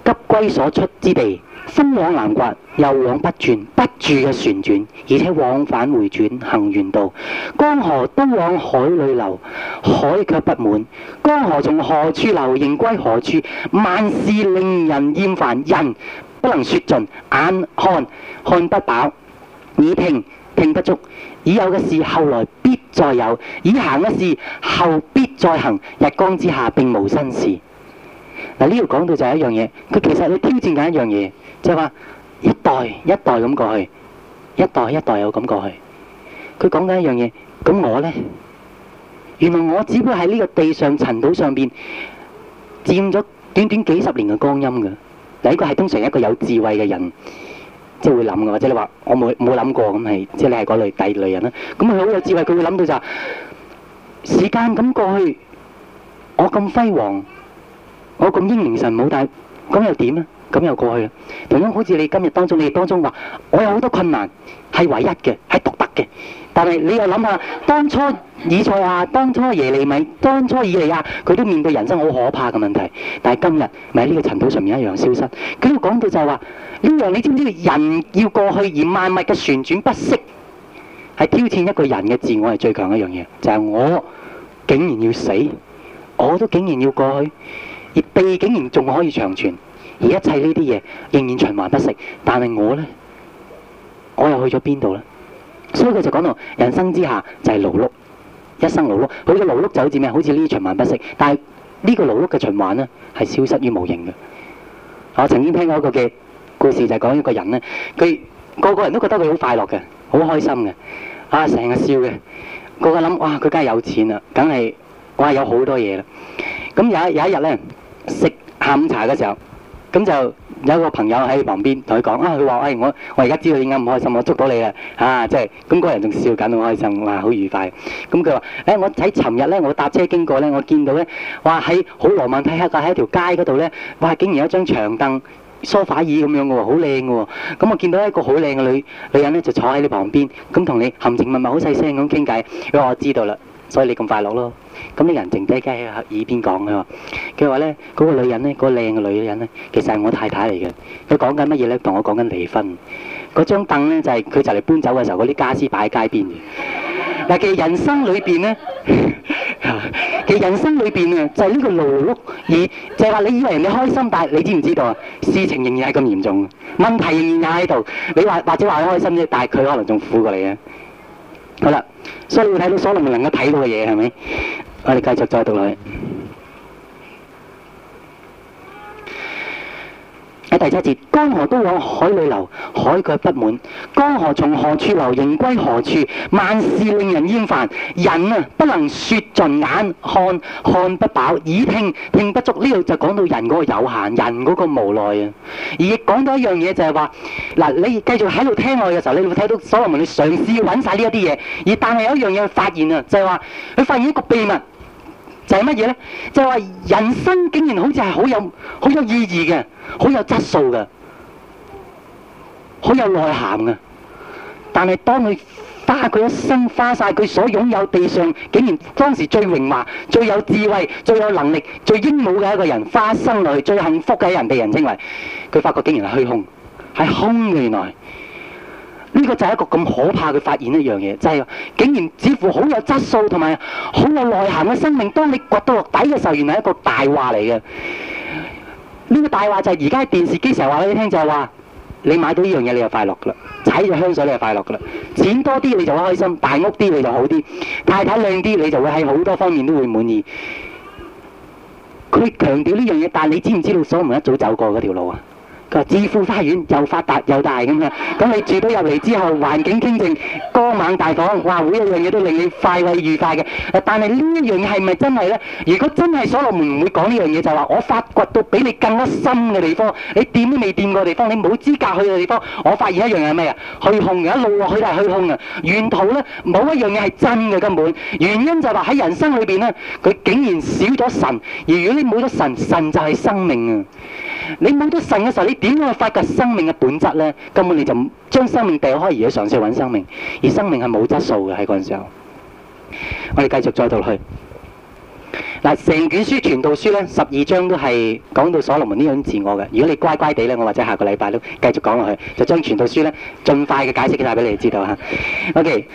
Speaker 1: 急歸所出之地，風往南刮，又往北轉，不住嘅旋轉，而且往返回轉行原道，江河都往海裏流，海卻不滿，江河從何處流，仍歸何處，萬事令人厭煩，人不能説盡，眼看看不飽，耳聽聽不足，已有嘅事後來。必再有，已行一事，後必再行。日光之下，並無新事。嗱，呢度講到就係一樣嘢，佢其實佢挑戰緊一樣嘢，就係話一代一代咁過去，一代一代又咁過去。佢講緊一樣嘢，咁我呢，原來我只不過喺呢個地上塵土上邊，佔咗短短幾十年嘅光陰㗎。呢個係通常一個有智慧嘅人。即係會諗嘅，或者你話我冇冇諗過咁係，即係、就是、你係嗰類第二類人啦。咁佢好有智慧，佢會諗到就話、是、時間咁過去，我咁輝煌，我咁英明神武，但係咁又點啊？咁又過去，同樣好似你今日當中，你當中話我有好多困難，係唯一嘅，係獨特嘅。但係你又諗下，當初以賽亞、當初耶利米、當初以利亞，佢都面對人生好可怕嘅問題。但係今日，咪喺呢個塵土上面一樣消失。佢講到就係話，呢樣你知唔知？人要過去，而萬物嘅旋轉不息，係挑戰一個人嘅自我係最強的一樣嘢。就係我竟然要死，我都竟然要過去，而地竟然仲可以長存，而一切呢啲嘢仍然循環不息。但係我呢，我又去咗邊度呢？所以佢就講到人生之下就係勞碌，一生勞碌，佢個勞碌就好似咩？好似呢啲循環不息，但係呢個勞碌嘅循環咧係消失於無形嘅。我曾經聽過一個嘅故事，就係講一個人咧，佢個個人都覺得佢好快樂嘅，好開心嘅，啊，成日笑嘅，個個諗：哇！佢梗係有錢啦，梗係哇有好多嘢啦。咁有有一日咧，食下午茶嘅時候，咁就。有一個朋友喺旁邊同佢講，啊，佢話、哎，我我而家知道你點解唔開心，我捉到你啦，啊，即係，咁、那、嗰、個、人仲笑緊，好開心，話好愉快。咁佢話，我喺尋日咧，我搭車經過咧，我見到咧，哇，喺好羅曼蒂克嘅喺條街嗰度咧，哇，竟然有一張長凳、梳化椅咁樣嘅喎，好靚嘅喎。咁、嗯、我見到一個好靚嘅女女人咧，就坐喺你旁邊，咁、嗯、同你含情脈脈、好細聲咁傾偈。因為我知道啦。所以你咁快樂咯？咁你人靜雞雞喺耳邊講嘅喎，佢話咧嗰個女人咧，嗰個靚嘅女人咧，其實係我太太嚟嘅。佢講緊乜嘢咧？同我講緊離婚。嗰張凳咧就係佢就嚟搬走嘅時候，嗰啲家私擺喺街邊嘅。嗱，其實人生裏邊咧，其實人生裏邊啊，就係呢個勞碌而就係話，你以為人哋開心，但係你知唔知道啊？事情仍然係咁嚴重，問題仍然喺度。你話或者話佢開心啫，但係佢可能仲苦過你嘅。好啦，所以你睇到所能唔能夠睇到嘅嘢係咪？我哋繼續再讀落去。喺第七節，江河都往海裏流，海卻不滿；江河從何處流，仍歸何處。萬事令人厭煩，人啊不能説盡，眼看，看不飽；耳聽，聽不足。呢度就講到人嗰個有限，人嗰個無奈啊。而亦講到一樣嘢就係話，嗱，你繼續喺度聽我嘅時候，你會睇到所羅門，你嘗試揾晒呢一啲嘢。而但係有一樣嘢發現啊，就係話，你發現一個秘密。就係乜嘢咧？就話人生竟然好似係好有好有意義嘅，好有質素嘅，好有內涵嘅。但係當佢花佢一生，花晒佢所擁有地上，竟然當時最榮華、最有智慧、最有能力、最英武嘅一個人，花一生落最幸福嘅人，被人稱為佢，發覺竟然係虛空，係空嘅原來。呢個就係一個咁可怕嘅發現，一樣嘢，就係、是、竟然似乎好有質素同埋好有內涵嘅生命，當你掘到落底嘅時候，原來係一個大話嚟嘅。呢、這個大話就係而家電視機成日話你聽，就係、是、話，你買到呢樣嘢你就快樂噶啦，踩住香水你就快樂噶啦，錢多啲你就會開心，大屋啲你就好啲，太太靚啲你就會喺好多方面都會滿意。佢強調呢樣嘢，但你知唔知道所羅門一早走過嗰條路啊？個知乎花園又發達又大咁樣，咁你住到入嚟之後，環境清靜，光猛大房，哇！每一樣嘢都令你快慰愉快嘅。但係呢一樣嘢係咪真係呢？如果真係，所羅門唔會講呢樣嘢，就話我發掘到比你更加深嘅地方，你掂都未掂過地方，你冇資格去嘅地方。我發現一樣嘢係咩啊？虛空。一路落去就係虛空啊！沿途呢，冇一樣嘢係真嘅根本。原因就係話喺人生裏邊呢，佢竟然少咗神。而如果你冇咗神，神就係生命啊！你冇咗神嘅時候，你點去發掘生命嘅本質呢？根本你就將生命掉開，而嘗試揾生命，而生命係冇質素嘅喺嗰陣時候。我哋繼續再讀落去。嗱，成卷書《傳道書》呢，十二章都係講到所羅門呢種自我嘅。如果你乖乖地呢，我或者下個禮拜都繼續講落去，就將《傳道書》呢，盡快嘅解釋曬俾你知道嚇。OK。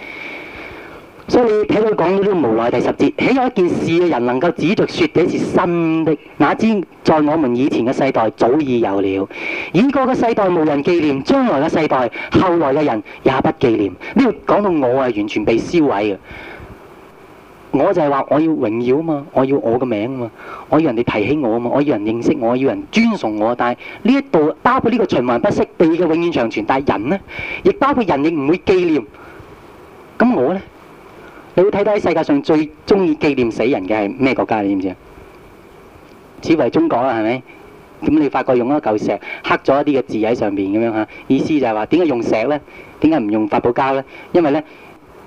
Speaker 1: 所以你睇佢講到呢個無奈，第十節，豈有一件事嘅人能夠指著說這是新的，哪知在我們以前嘅世代早已有了。以個個世代無人紀念，將來嘅世代、後來嘅人也不紀念。呢度講到我係完全被銷毀嘅，我就係話我要榮耀啊嘛，我要我嘅名啊嘛，我要人哋提起我啊嘛，我我，我要人認識我，我要人尊崇我。但係呢一度包括呢個循環不息、地嘅永遠長存，但係人呢，亦包括人亦唔會紀念。咁我呢。你會睇到喺世界上最中意紀念死人嘅係咩國家？你知唔知啊？似乎係中國啦，係咪？咁你發覺用一嚿石刻咗一啲嘅字喺上邊咁樣嚇，意思就係話點解用石呢？點解唔用發泡膠呢？因為呢，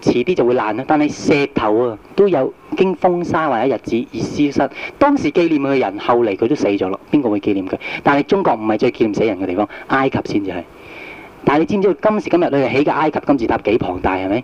Speaker 1: 遲啲就會爛啦。但係石頭啊，都有經風沙或者日子而消失。當時紀念佢嘅人，後嚟佢都死咗咯。邊個會紀念佢？但係中國唔係最紀念死人嘅地方，埃及先至係。但係你知唔知道今時今日佢哋起嘅埃及金字塔幾龐大係咪？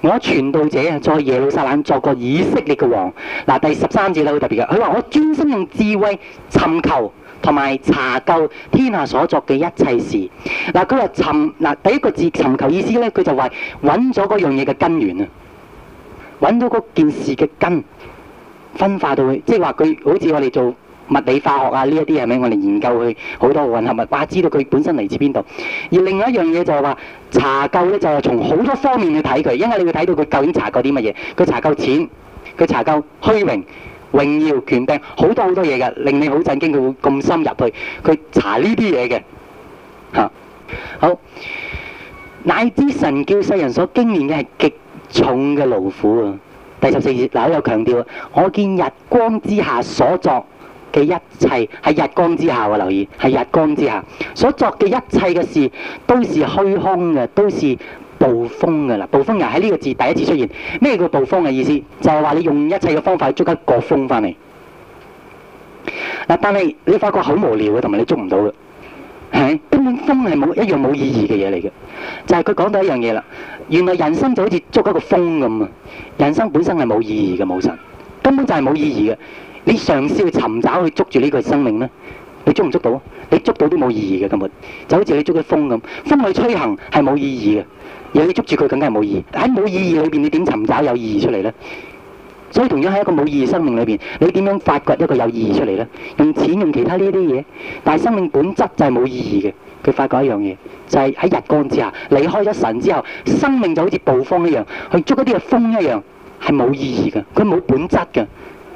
Speaker 1: 我傳道者啊，在耶路撒冷作過以色列嘅王。嗱，第十三節咧好特別嘅，佢話：我專心用智慧尋求同埋查究天下所作嘅一切事。嗱，佢話尋第一個字尋求意思呢，佢就話揾咗嗰樣嘢嘅根源啊，揾到嗰件事嘅根，分化到去，即係話佢好似我哋做物理、化學啊，呢一啲係咪我哋研究佢好多個混合物？哇！知道佢本身嚟自邊度？而另外一樣嘢就係話查究咧，就係、是、從好多方面去睇佢，因為你要睇到佢究竟查過啲乜嘢。佢查夠錢，佢查夠虛榮、榮耀、權柄，好多好多嘢嘅，令你好震驚。佢會咁深入去，佢查呢啲嘢嘅嚇好。乃知神叫世人所經驗嘅係極重嘅勞苦啊！第十四節嗱，又強調，我見日光之下所作嘅一切係日光之下嘅、啊，留意係日光之下所作嘅一切嘅事都是虛空嘅，都是捕風嘅啦。捕風又喺呢個字第一次出現，咩叫捕風嘅意思？就係話你用一切嘅方法捉一個風翻嚟嗱，但係你發覺好無聊嘅，同埋你捉唔到嘅，係根本風係冇一樣冇意義嘅嘢嚟嘅，就係佢講到一樣嘢啦。原來人生就好似捉一個風咁啊！人生本身係冇意義嘅，冇神根本就係冇意義嘅。你嘗試去尋找去捉住呢個生命呢？你捉唔捉到？你捉到都冇意義嘅。根本就好似你捉嘅風咁，風去吹行係冇意義嘅，而你捉住佢更加冇意義。喺冇意義裏邊，你點尋找有意義出嚟呢？所以同樣喺一個冇意義生命裏邊，你點樣發掘一個有意義出嚟呢？用錢，用其他呢啲嘢，但係生命本質就係冇意義嘅。佢發覺一樣嘢，就係喺日光之下離開咗神之後，生命就好似暴風一樣，去捉一啲嘢風一樣係冇意義嘅，佢冇本質嘅。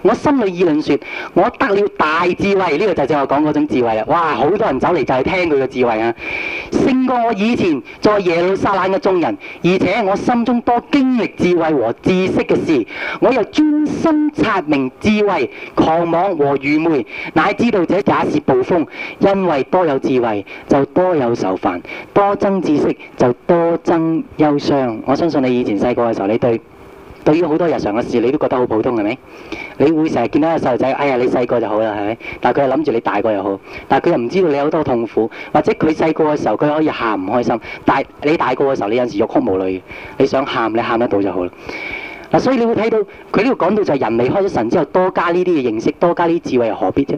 Speaker 1: 我心裏議論說：我得了大智慧，呢、這個就正係我講嗰種智慧啦！哇，好多人走嚟就係聽佢嘅智慧啊，勝過我以前在耶路撒冷嘅眾人，而且我心中多經歷智慧和知識嘅事，我又專心察明智慧狂妄和愚昧，乃知道這假是暴風，因為多有智慧就多有愁煩，多增知識就多增憂傷。我相信你以前細個嘅時候，你對。對於好多日常嘅事，你都覺得好普通，係咪？你會成日見到個細路仔，哎呀，你細個就好啦，係咪？但係佢又諗住你大個又好，但係佢又唔知道你有多痛苦。或者佢細個嘅時候，佢可以喊唔開心，但係你大個嘅時候，你有時欲哭無淚，你想喊，你喊得到就好啦。啊，所以你會睇到佢呢個講到就係人離開咗神之後，多加呢啲嘅認識，多加呢啲智慧又何必啫？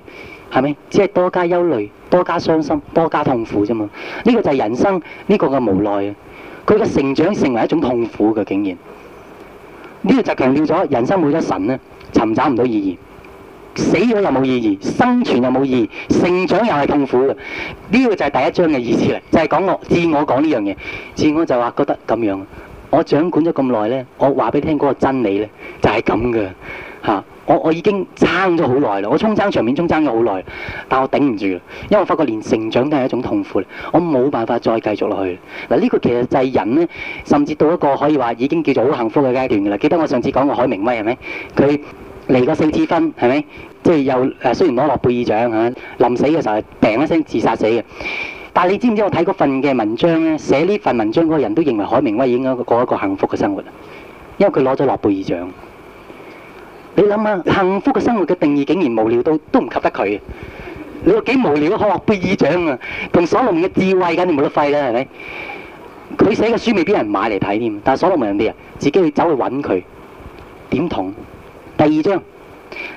Speaker 1: 係咪？只係多加憂慮、多加傷心、多加痛苦啫嘛？呢個就係人生呢個嘅無奈啊！佢嘅成長成為一種痛苦嘅經驗。竟然呢個就強調咗，人生冇咗神咧，尋找唔到意義，死咗又冇意義，生存又冇意義，成長又係痛苦嘅。呢個就係第一章嘅意思嚟，就係講我自我講呢樣嘢，自我就話覺得咁樣。我掌管咗咁耐咧，我話俾你聽嗰個真理咧，就係咁嘅。嚇！我我已經撐咗好耐啦，我沖撐場面沖撐咗好耐，但我頂唔住啦，因為我發覺連成長都係一種痛苦啦，我冇辦法再繼續落去嗱，呢個其實就係人咧，甚至到一個可以話已經叫做好幸福嘅階段噶啦。記得我上次講過海明威係咪？佢離過四次婚係咪？即係又誒，雖然攞諾貝爾獎嚇，臨死嘅時候係病一聲自殺死嘅。但係你知唔知我睇嗰份嘅文章咧，寫呢份文章嗰人都認為海明威應該過一個幸福嘅生活，因為佢攞咗諾貝爾獎。你諗下，幸福嘅生活嘅定義竟然無聊到都唔及得佢。你話幾無聊啊？諾貝爾獎啊，同索隆嘅智慧梗都冇得比啦，係咪？佢寫嘅書未必有人買嚟睇添，但係索隆人哋啊，自己去走去揾佢，點同？第二章，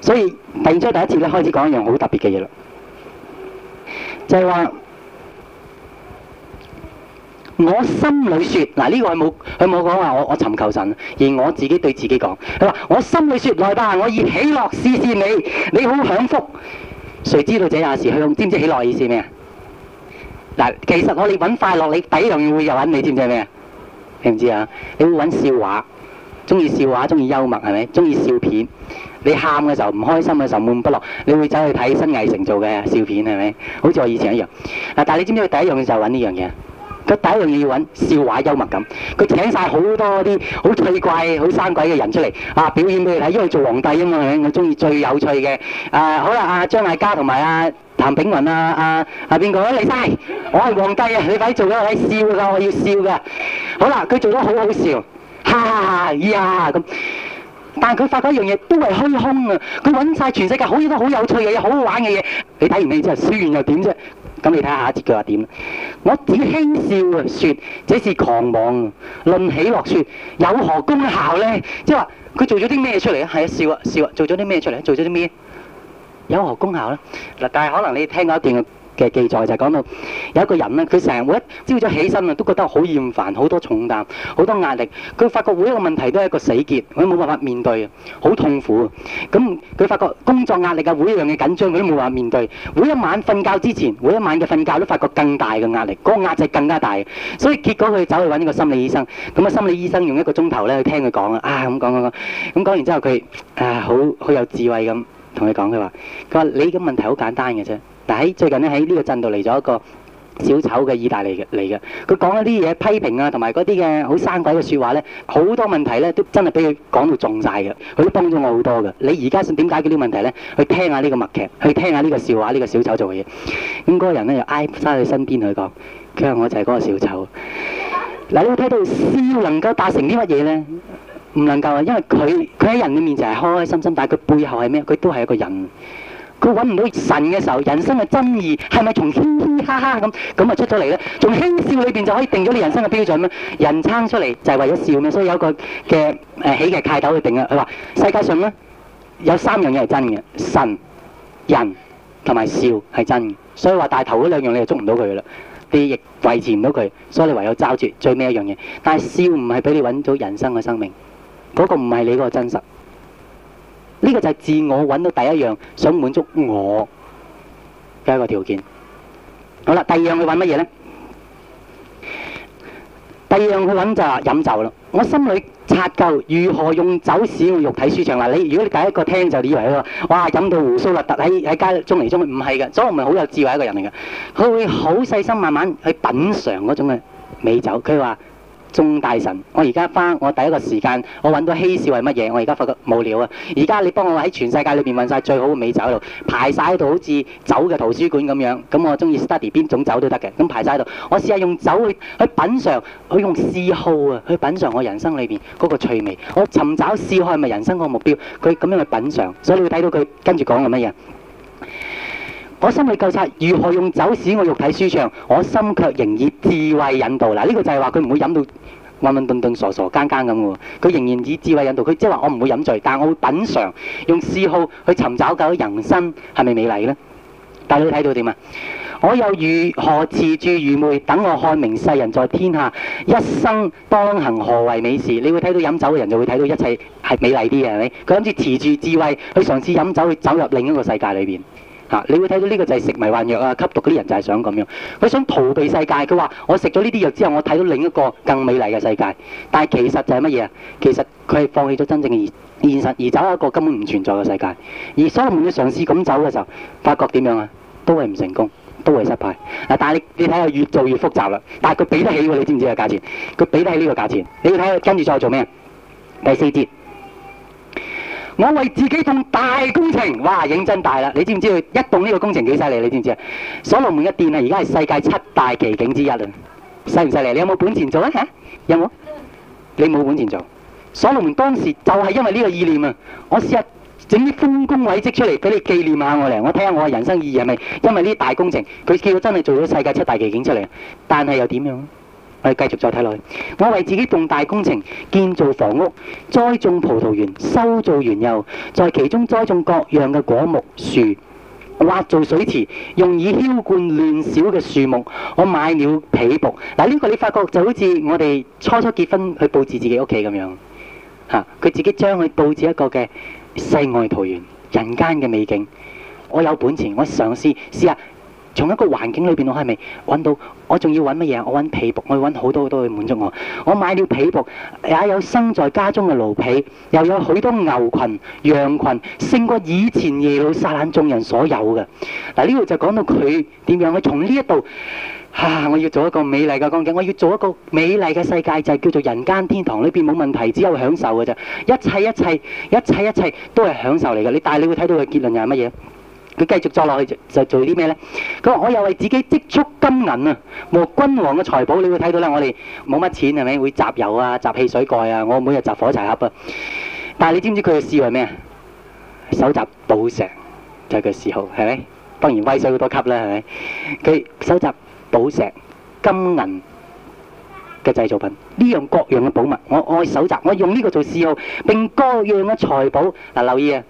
Speaker 1: 所以第二章第一節咧，開始講一樣好特別嘅嘢啦，就係、是、話。我心裏說，嗱、這、呢個佢冇佢冇講話，我我尋求神，而我自己對自己講，佢話我心裏說，來吧，我以喜樂試試你，你好享福。誰知道這又是向？佢知唔知喜樂意思咩？嗱，其實我哋搵快樂，你第一樣嘢會又搵，你知唔知係咩？你唔知啊？你會搵笑話，中意笑話，中意幽默係咪？中意笑片。你喊嘅時候，唔開心嘅時候悶不樂，你會走去睇新藝城做嘅笑片係咪？好似我以前一樣。嗱，但係你知唔知佢第一樣嘢就搵呢樣嘢？佢第一樣嘢要揾笑話幽默感，佢請曬好多啲好趣怪、好生鬼嘅人出嚟啊，表演俾你睇，因為做皇帝啊嘛，我中意最有趣嘅。啊，好啦，阿張艾嘉同埋阿譚炳雲啊啊，下邊個啊，李生，我係皇帝啊，你快做啦，係笑噶，我要笑噶。好啦，佢做得好好笑，哈哈哈呀咁。但係佢發覺一樣嘢都係虛空啊，佢揾曬全世界好多好有趣嘅嘢、好好玩嘅嘢，你睇完你啫，笑完又點啫？咁你睇下下一節佢話點？我指嬉笑啊？說這是狂妄。論喜樂有何功效咧？即係話佢做咗啲咩出嚟咧？係啊，笑啊笑啊，做咗啲咩出嚟咧？做咗啲咩？有何功效咧？嗱、就是啊啊啊，但係可能你聽過一段嘅記載就係、講到有一個人咧，佢成日每一朝早起身啊，都覺得好厭煩，好多重擔，好多壓力。佢發覺每一個問題都係一個死結，佢都冇辦法面對嘅，好痛苦啊！咁佢發覺工作壓力啊，每一樣嘢緊張，佢都冇辦法面對。每一晚瞓覺之前，每一晚嘅瞓覺都發覺更大嘅壓力，嗰個壓制更加大。所以結果佢走去揾呢個心理醫生。咁啊，心理醫生用一個鐘頭咧去聽佢講啊，啊咁講講講。咁講完之後，佢啊好好有智慧咁同佢講，佢話：佢話你嘅問題好簡單嘅啫。但喺最近咧喺呢個鎮度嚟咗一個小丑嘅意大利嘅嚟嘅，佢講一啲嘢批評啊，同埋嗰啲嘅好生鬼嘅説話咧，好多問題咧都真係俾佢講到中晒嘅，佢都幫咗我好多嘅。你而家點解決呢個問題咧？去聽下呢個默劇，去聽下呢個笑話，呢個小丑做嘅嘢。咁嗰個人咧又挨翻佢身邊去講，佢話我就係嗰個小丑。嗱，你會睇到笑能夠達成啲乜嘢咧？唔能夠，因為佢佢喺人嘅面前係開開心心，但係佢背後係咩？佢都係一個人。佢揾唔到神嘅時候，人生嘅真義係咪從嘻嘻哈哈咁咁啊出咗嚟咧？從輕笑裏邊就可以定咗你人生嘅標準咩？人撐出嚟就係為咗笑嘅，所以有個嘅誒喜劇教頭去定啊。佢話世界上咧有三樣嘢係真嘅，神、人同埋笑係真嘅。所以話大頭嗰兩樣你係捉唔到佢啦，你亦維持唔到佢，所以你唯有抓住最尾一樣嘢。但係笑唔係俾你揾到人生嘅生命，嗰、嗰個唔係你嗰個真實。呢個就係自我揾到第一樣想滿足我嘅一個條件。好啦，第二樣佢揾乜嘢咧？第二樣佢揾就係飲酒咯。我心裏察究如何用酒使我肉體舒暢嗱、啊。你如果你第一個聽就以為佢話：哇，飲到胡鬚鬍鬚立突喺喺街中嚟中去。唔係嘅，所以我唔係好有智慧一個人嚟嘅。佢會好細心慢慢去品嚐嗰種嘅美酒。佢話。眾大神，我而家翻我第一個時間，我揾到稀少係乜嘢？我而家發覺冇料啊！而家你幫我喺全世界裏邊揾晒最好嘅美酒喺度，排晒喺度，好似酒嘅圖書館咁樣。咁我中意 study 邊種酒都得嘅，咁排晒喺度。我試下用酒去去品嚐，去用嗜好啊去品嚐我人生裏邊嗰個趣味。我尋找嗜好係咪人生個目標？佢咁樣去品嚐，所以你會睇到佢跟住講緊乜嘢。我心裏洞察如何用酒使我肉體舒暢，我心卻仍以智慧引導。嗱，呢個就係話佢唔會飲到昏昏沌沌、傻傻更更咁喎。佢仍然以智慧引導。佢即係話我唔會飲醉，但係我會品嚐，用嗜好去尋找究竟人生係咪美麗咧？但係你會睇到點啊？我又如何持住愚昧，等我看明世人，在天下一生當行何為美事？你會睇到飲酒嘅人就會睇到一切係美麗啲嘅，係咪？佢諗住持住智慧去嘗試飲酒，去走入另一個世界裏邊。嚇！你會睇到呢個就係食迷幻藥啊、吸毒嗰啲人就係想咁樣，佢想逃避世界。佢話：我食咗呢啲藥之後，我睇到另一個更美麗嘅世界。但係其實就係乜嘢啊？其實佢係放棄咗真正嘅現現實，而走一個根本唔存在嘅世界。而所有當嘅嘗試咁走嘅時候，發覺點樣啊？都係唔成功，都係失敗。但係你睇下越做越複雜啦。但係佢俾得起你知唔知個價錢？佢俾得起呢個價錢。你要睇下跟住再做咩？第四節。我為自己棟大工程，哇！認真大啦，你知唔知佢一棟呢個工程幾犀利？你知唔知啊？所羅門嘅殿啊，而家係世界七大奇景之一啊！犀唔犀利？你有冇本錢做呢啊？吓，有冇？你冇本錢做。所羅門當時就係因為呢個意念啊，我試下整啲豐功偉績出嚟，俾你紀念下我嚟。我睇下我嘅人生意義係咪因為呢啲大工程？佢叫我真係做咗世界七大奇景出嚟，但係又點樣？我繼續再睇落去。我為自己動大工程，建造房屋，栽種葡萄園，修造園囿，在其中栽種各樣嘅果木樹，挖造水池，用以澆灌嫩小嘅樹木。我買了僕婢，嗱、啊、呢、這個你發覺就好似我哋初初結婚去佈置自己屋企咁樣，嚇、啊、佢自己將佢佈置一個嘅世外桃源、人間嘅美景。我有本錢，我嘗試嘗試下。從一個環境裏邊，我係咪揾到？我仲要揾乜嘢？我揾被服，我要揾好多好多去滿足我。我買了被服，也有生在家中嘅奴婢，又有好多牛群、羊群，勝過以前耶路撒冷眾人所有嘅。嗱、啊，呢度就講到佢點樣去從呢一度嚇，我要做一個美麗嘅光景，我要做一個美麗嘅世界，就係、是、叫做人間天堂，呢邊冇問題，只有享受嘅啫。一切一切一切一切都係享受嚟嘅。你但係你會睇到佢結論又係乜嘢？佢繼續作落去就做啲咩咧？佢話：我又為自己積蓄金銀啊，和君王嘅財寶。你會睇到啦，我哋冇乜錢係咪？會集郵啊，集汽水蓋啊，我每日集火柴盒啊。但係你知唔知佢嘅嗜好係咩啊？搜集寶石就係佢嗜好，係咪？當然威水好多級啦，係咪？佢搜集寶石、金銀嘅製造品，呢樣各樣嘅寶物，我愛搜集，我用呢個做嗜好，並各樣嘅財寶。嗱，啊，留意啊！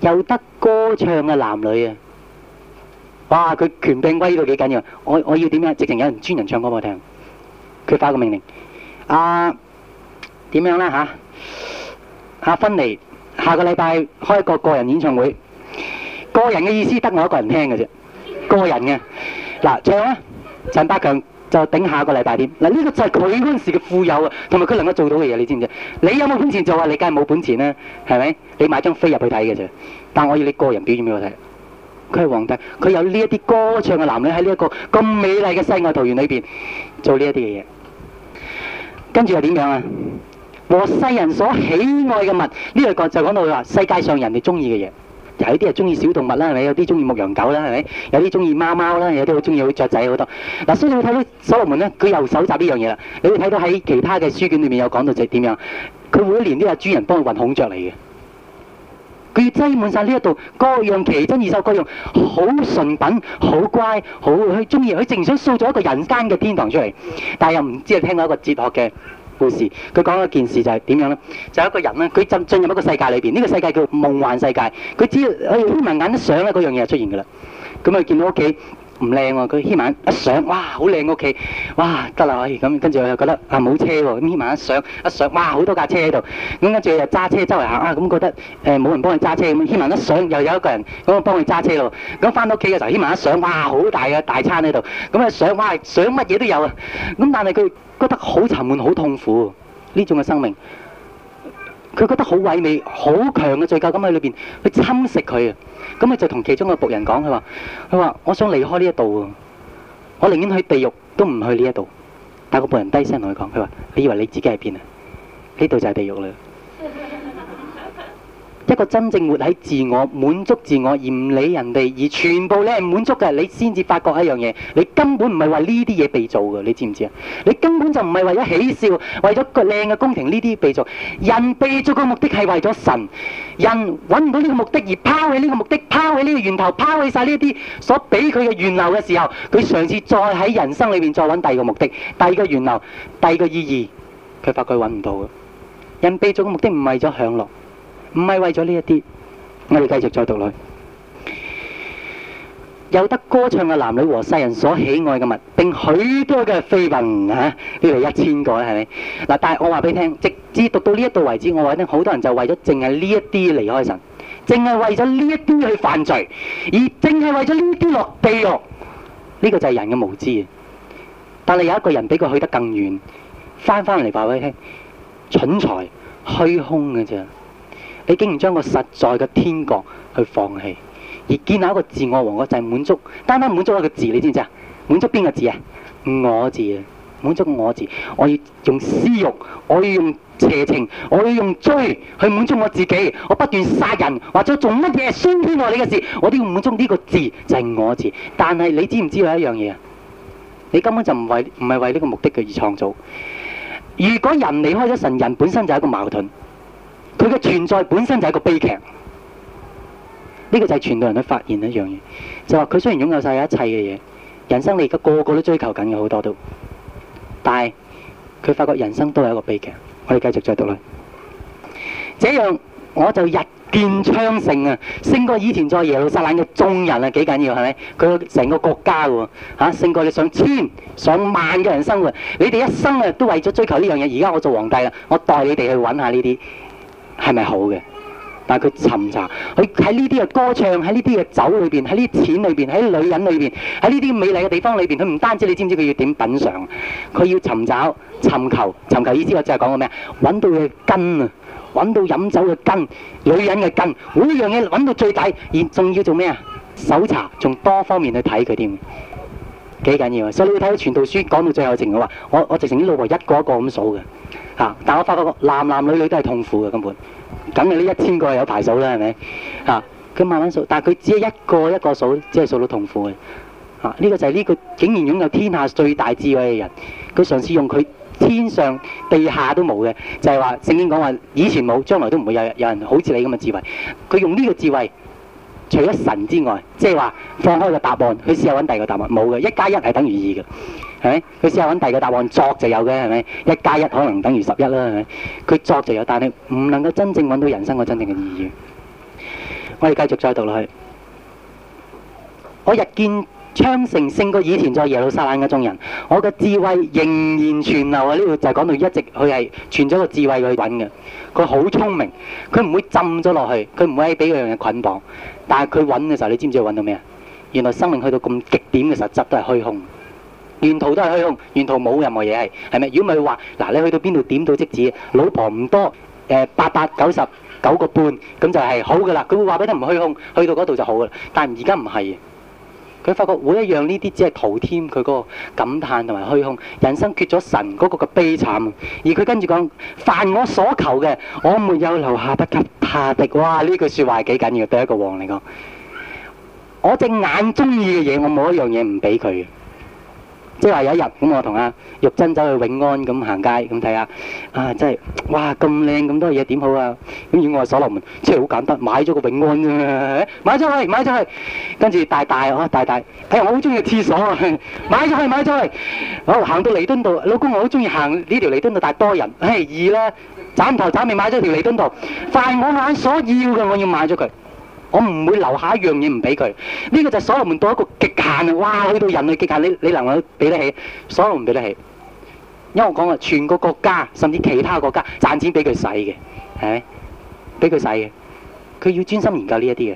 Speaker 1: 有得歌唱嘅男女啊！哇，佢權柄威到幾緊要？我我要點樣？直情有人專人唱歌俾我聽。佢發個命令，啊，點樣咧吓，阿芬妮下個禮拜開一個個人演唱會，個人嘅意思得我一個人聽嘅啫，個人嘅，嗱、啊、唱啊，陳百強。就頂下個禮拜添嗱，呢、這個就係佢嗰陣時嘅富有啊，同埋佢能夠做到嘅嘢，你知唔知？你有冇本錢做啊？你梗係冇本錢啦、啊，係咪？你買張飛入去睇嘅啫。但我要你個人表演俾我睇。佢係皇帝，佢有呢一啲歌唱嘅男女喺呢一個咁美麗嘅世外桃源裏邊做呢一啲嘅嘢。跟住又點樣啊？和世人所喜愛嘅物，呢、這個就講到話世界上人哋中意嘅嘢。有啲係中意小動物啦，係咪有啲中意牧羊狗啦，係咪有啲中意貓貓啦，有啲好中意雀仔好多。嗱、啊，所以你睇到所羅門咧，佢又蒐集呢樣嘢啦。你會睇到喺其他嘅書卷裏面有講到就係點樣，佢每年都有主人幫佢運孔雀嚟嘅。佢要擠滿晒呢一度，各樣奇珍異獸，各樣好純品，好乖，好佢中意，佢淨想塑造一個人間嘅天堂出嚟，但係又唔知係聽到一個哲學嘅。故事佢講一件事就係點樣咧？就有一個人咧，佢進進入一個世界裏邊，呢個世界叫夢幻世界。佢只要瞇埋眼一想咧，嗰樣嘢就出現噶啦。咁啊，見到屋企唔靚喎，佢瞇埋眼一想，哇，好靚屋企，哇，得啦可以咁。跟住佢又覺得啊冇車喎，咁瞇埋眼一想，一想，哇，好多架車喺度。咁跟住又揸車周圍行啊，咁覺得誒冇人幫佢揸車。咁瞇埋眼一想，又有一個人咁幫佢揸車咯。咁翻到屋企嘅時候，瞇埋眼一想，哇，好大嘅大餐喺度。咁啊想哇，想乜嘢都有啊。咁但係佢。覺得好沉悶、好痛苦，呢種嘅生命，佢覺得好毀滅、好強嘅罪疚感喺裏邊，去侵蝕佢。咁佢就同其中嘅僕人講，佢話，佢話，我想離開呢一度，我寧願去地獄都唔去呢一度。但係個僕人低聲同佢講，佢話，你以為你自己喺邊啊？呢度就係地獄啦。 *laughs* 一個真正活喺自我、滿足自我而唔理人哋，而全部你係滿足嘅，你先至發覺一樣嘢，你根本唔係為呢啲嘢被做嘅，你知唔知啊？你根本就唔係為咗喜笑，為咗個靚嘅宮廷呢啲被做。人被做嘅目的係為咗神，人揾唔到呢個目的而拋棄呢個目的，拋棄呢個源頭，拋棄晒呢啲所俾佢嘅源流嘅時候，佢嘗試再喺人生裏面再揾第二個目的、第二個源流，第二個意義，佢發覺佢揾唔到嘅。人被做嘅目的唔係為咗享樂。唔係為咗呢一啲，我哋繼續再讀佢。有得歌唱嘅男女和世人所喜愛嘅物，並許多嘅妃嬪嚇，呢度一千個咧，係咪？嗱，但係我話俾你聽，直至讀到呢一度為止，我話俾你聽，好多人就為咗淨係呢一啲離開神，淨係為咗呢一啲去犯罪，而淨係為咗呢啲落地獄。呢、這個就係人嘅無知啊！但係有一個人比佢去得更遠，翻翻嚟話俾你聽，蠢材，虛空嘅啫。你竟然將個實在嘅天國去放棄，而建立一個自我王國就係滿足，單單滿足一個字，你知唔知啊？滿足邊個字啊？我字啊！滿足我字，我要用私欲，我要用邪情，我要用追去滿足我自己，我不斷殺人或者做乜嘢傷天害理嘅事，我都要滿足呢個字就係、是、我字。但係你知唔知道有一樣嘢啊？你根本就唔為唔係為呢個目的嘅而創造。如果人離開咗神，人本身就係一個矛盾。佢嘅存在本身就係一個悲劇，呢、這個就係全個人都發現一樣嘢，就話佢雖然擁有晒一切嘅嘢，人生你而家個個都追求緊嘅好多都，但係佢發覺人生都係一個悲劇。我哋繼續再讀啦。這樣我就日見昌盛啊！勝過以前在耶路撒冷嘅眾人啊，幾緊要係咪？佢成個國家喎、啊、嚇，勝過你上千上萬嘅人生活，你哋一生啊都為咗追求呢樣嘢。而家我做皇帝啦，我代你哋去揾下呢啲。係咪好嘅？但係佢尋查，佢喺呢啲嘅歌唱，喺呢啲嘅酒裏邊，喺呢啲錢裏邊，喺女人裏邊，喺呢啲美麗嘅地方裏邊，佢唔單止，你知唔知佢要點品嚐？佢要尋找、尋求、尋求。意思我就係講個咩啊？揾到佢嘅根啊，揾到飲酒嘅根、女人嘅根，每一樣嘢揾到最底，而仲要做咩啊？搜查，從多方面去睇佢添，幾緊要啊！所以你睇到全套書講到最後，剩我話，我我直情啲老婆一個一個咁數嘅。啊！但係我發覺，男男女女都係痛苦嘅根本，梗係呢一千個有排數啦，係咪？啊，佢慢慢數，但係佢只係一個一個數，只係數到痛苦嘅。啊！呢個就係呢個，竟然擁有天下最大智慧嘅人，佢嘗試用佢天上地下都冇嘅，就係話聖經講話以前冇，將來都唔會有有人好似你咁嘅智慧。佢用呢個智慧，除咗神之外，即係話放開個答案，佢試下揾第二個答案，冇嘅，一加一係等於二嘅。佢試下揾第二個答案，作就有嘅係咪？一加一可能等於十一啦，係咪？佢作就有，但係唔能夠真正揾到人生個真正嘅意義。我哋繼續再讀落去。我日見昌盛，勝過以前在耶路撒冷嘅眾人。我嘅智慧仍然存留喺呢度，就係講到一直佢係存咗個智慧去揾嘅。佢好聰明，佢唔會浸咗落去，佢唔會俾呢樣嘢捆綁。但係佢揾嘅時候，你知唔知佢揾到咩啊？原來生命去到咁極點嘅實質都係虛空。沿途都係虛空，沿途冇任何嘢係，係咪？如果唔係話，嗱，你去到邊度點到即止？老婆唔多，誒八百九十九個半，咁就係好噶啦。佢會話俾你唔虛空，去到嗰度就好噶啦。但而家唔係，佢發覺每一樣呢啲只係徒添佢嗰個感嘆同埋虛空，人生缺咗神嗰個嘅悲慘。而佢跟住講：凡我所求嘅，我沒有留下不及他的。哇！呢句説話係幾緊要，對一個王嚟講，我隻眼中意嘅嘢，我冇一樣嘢唔俾佢。即係話有一日，咁我同阿玉珍走去永安咁行街，咁睇下，啊真係，哇咁靚咁多嘢點好啊？咁而我鎖樓門，真係好簡單，買咗個永安啫嘛，買咗去，買咗去，跟住大大啊，大大，誒我好中意廁所啊，買咗去，買咗去，好行到彌敦道，老公我好中意行呢條彌敦道，但係多人，嘿二啦，斬頭斬尾買咗條彌敦道，快我眼所要嘅，我要買咗佢。我唔會留下一樣嘢唔俾佢，呢個就所羅門到一個極限啊！哇，去到人類極限，你你能夠俾得起？所羅門俾得起？因為我講話，全個國家甚至其他國家賺錢俾佢使嘅，係俾佢使嘅，佢要專心研究呢一啲嘢。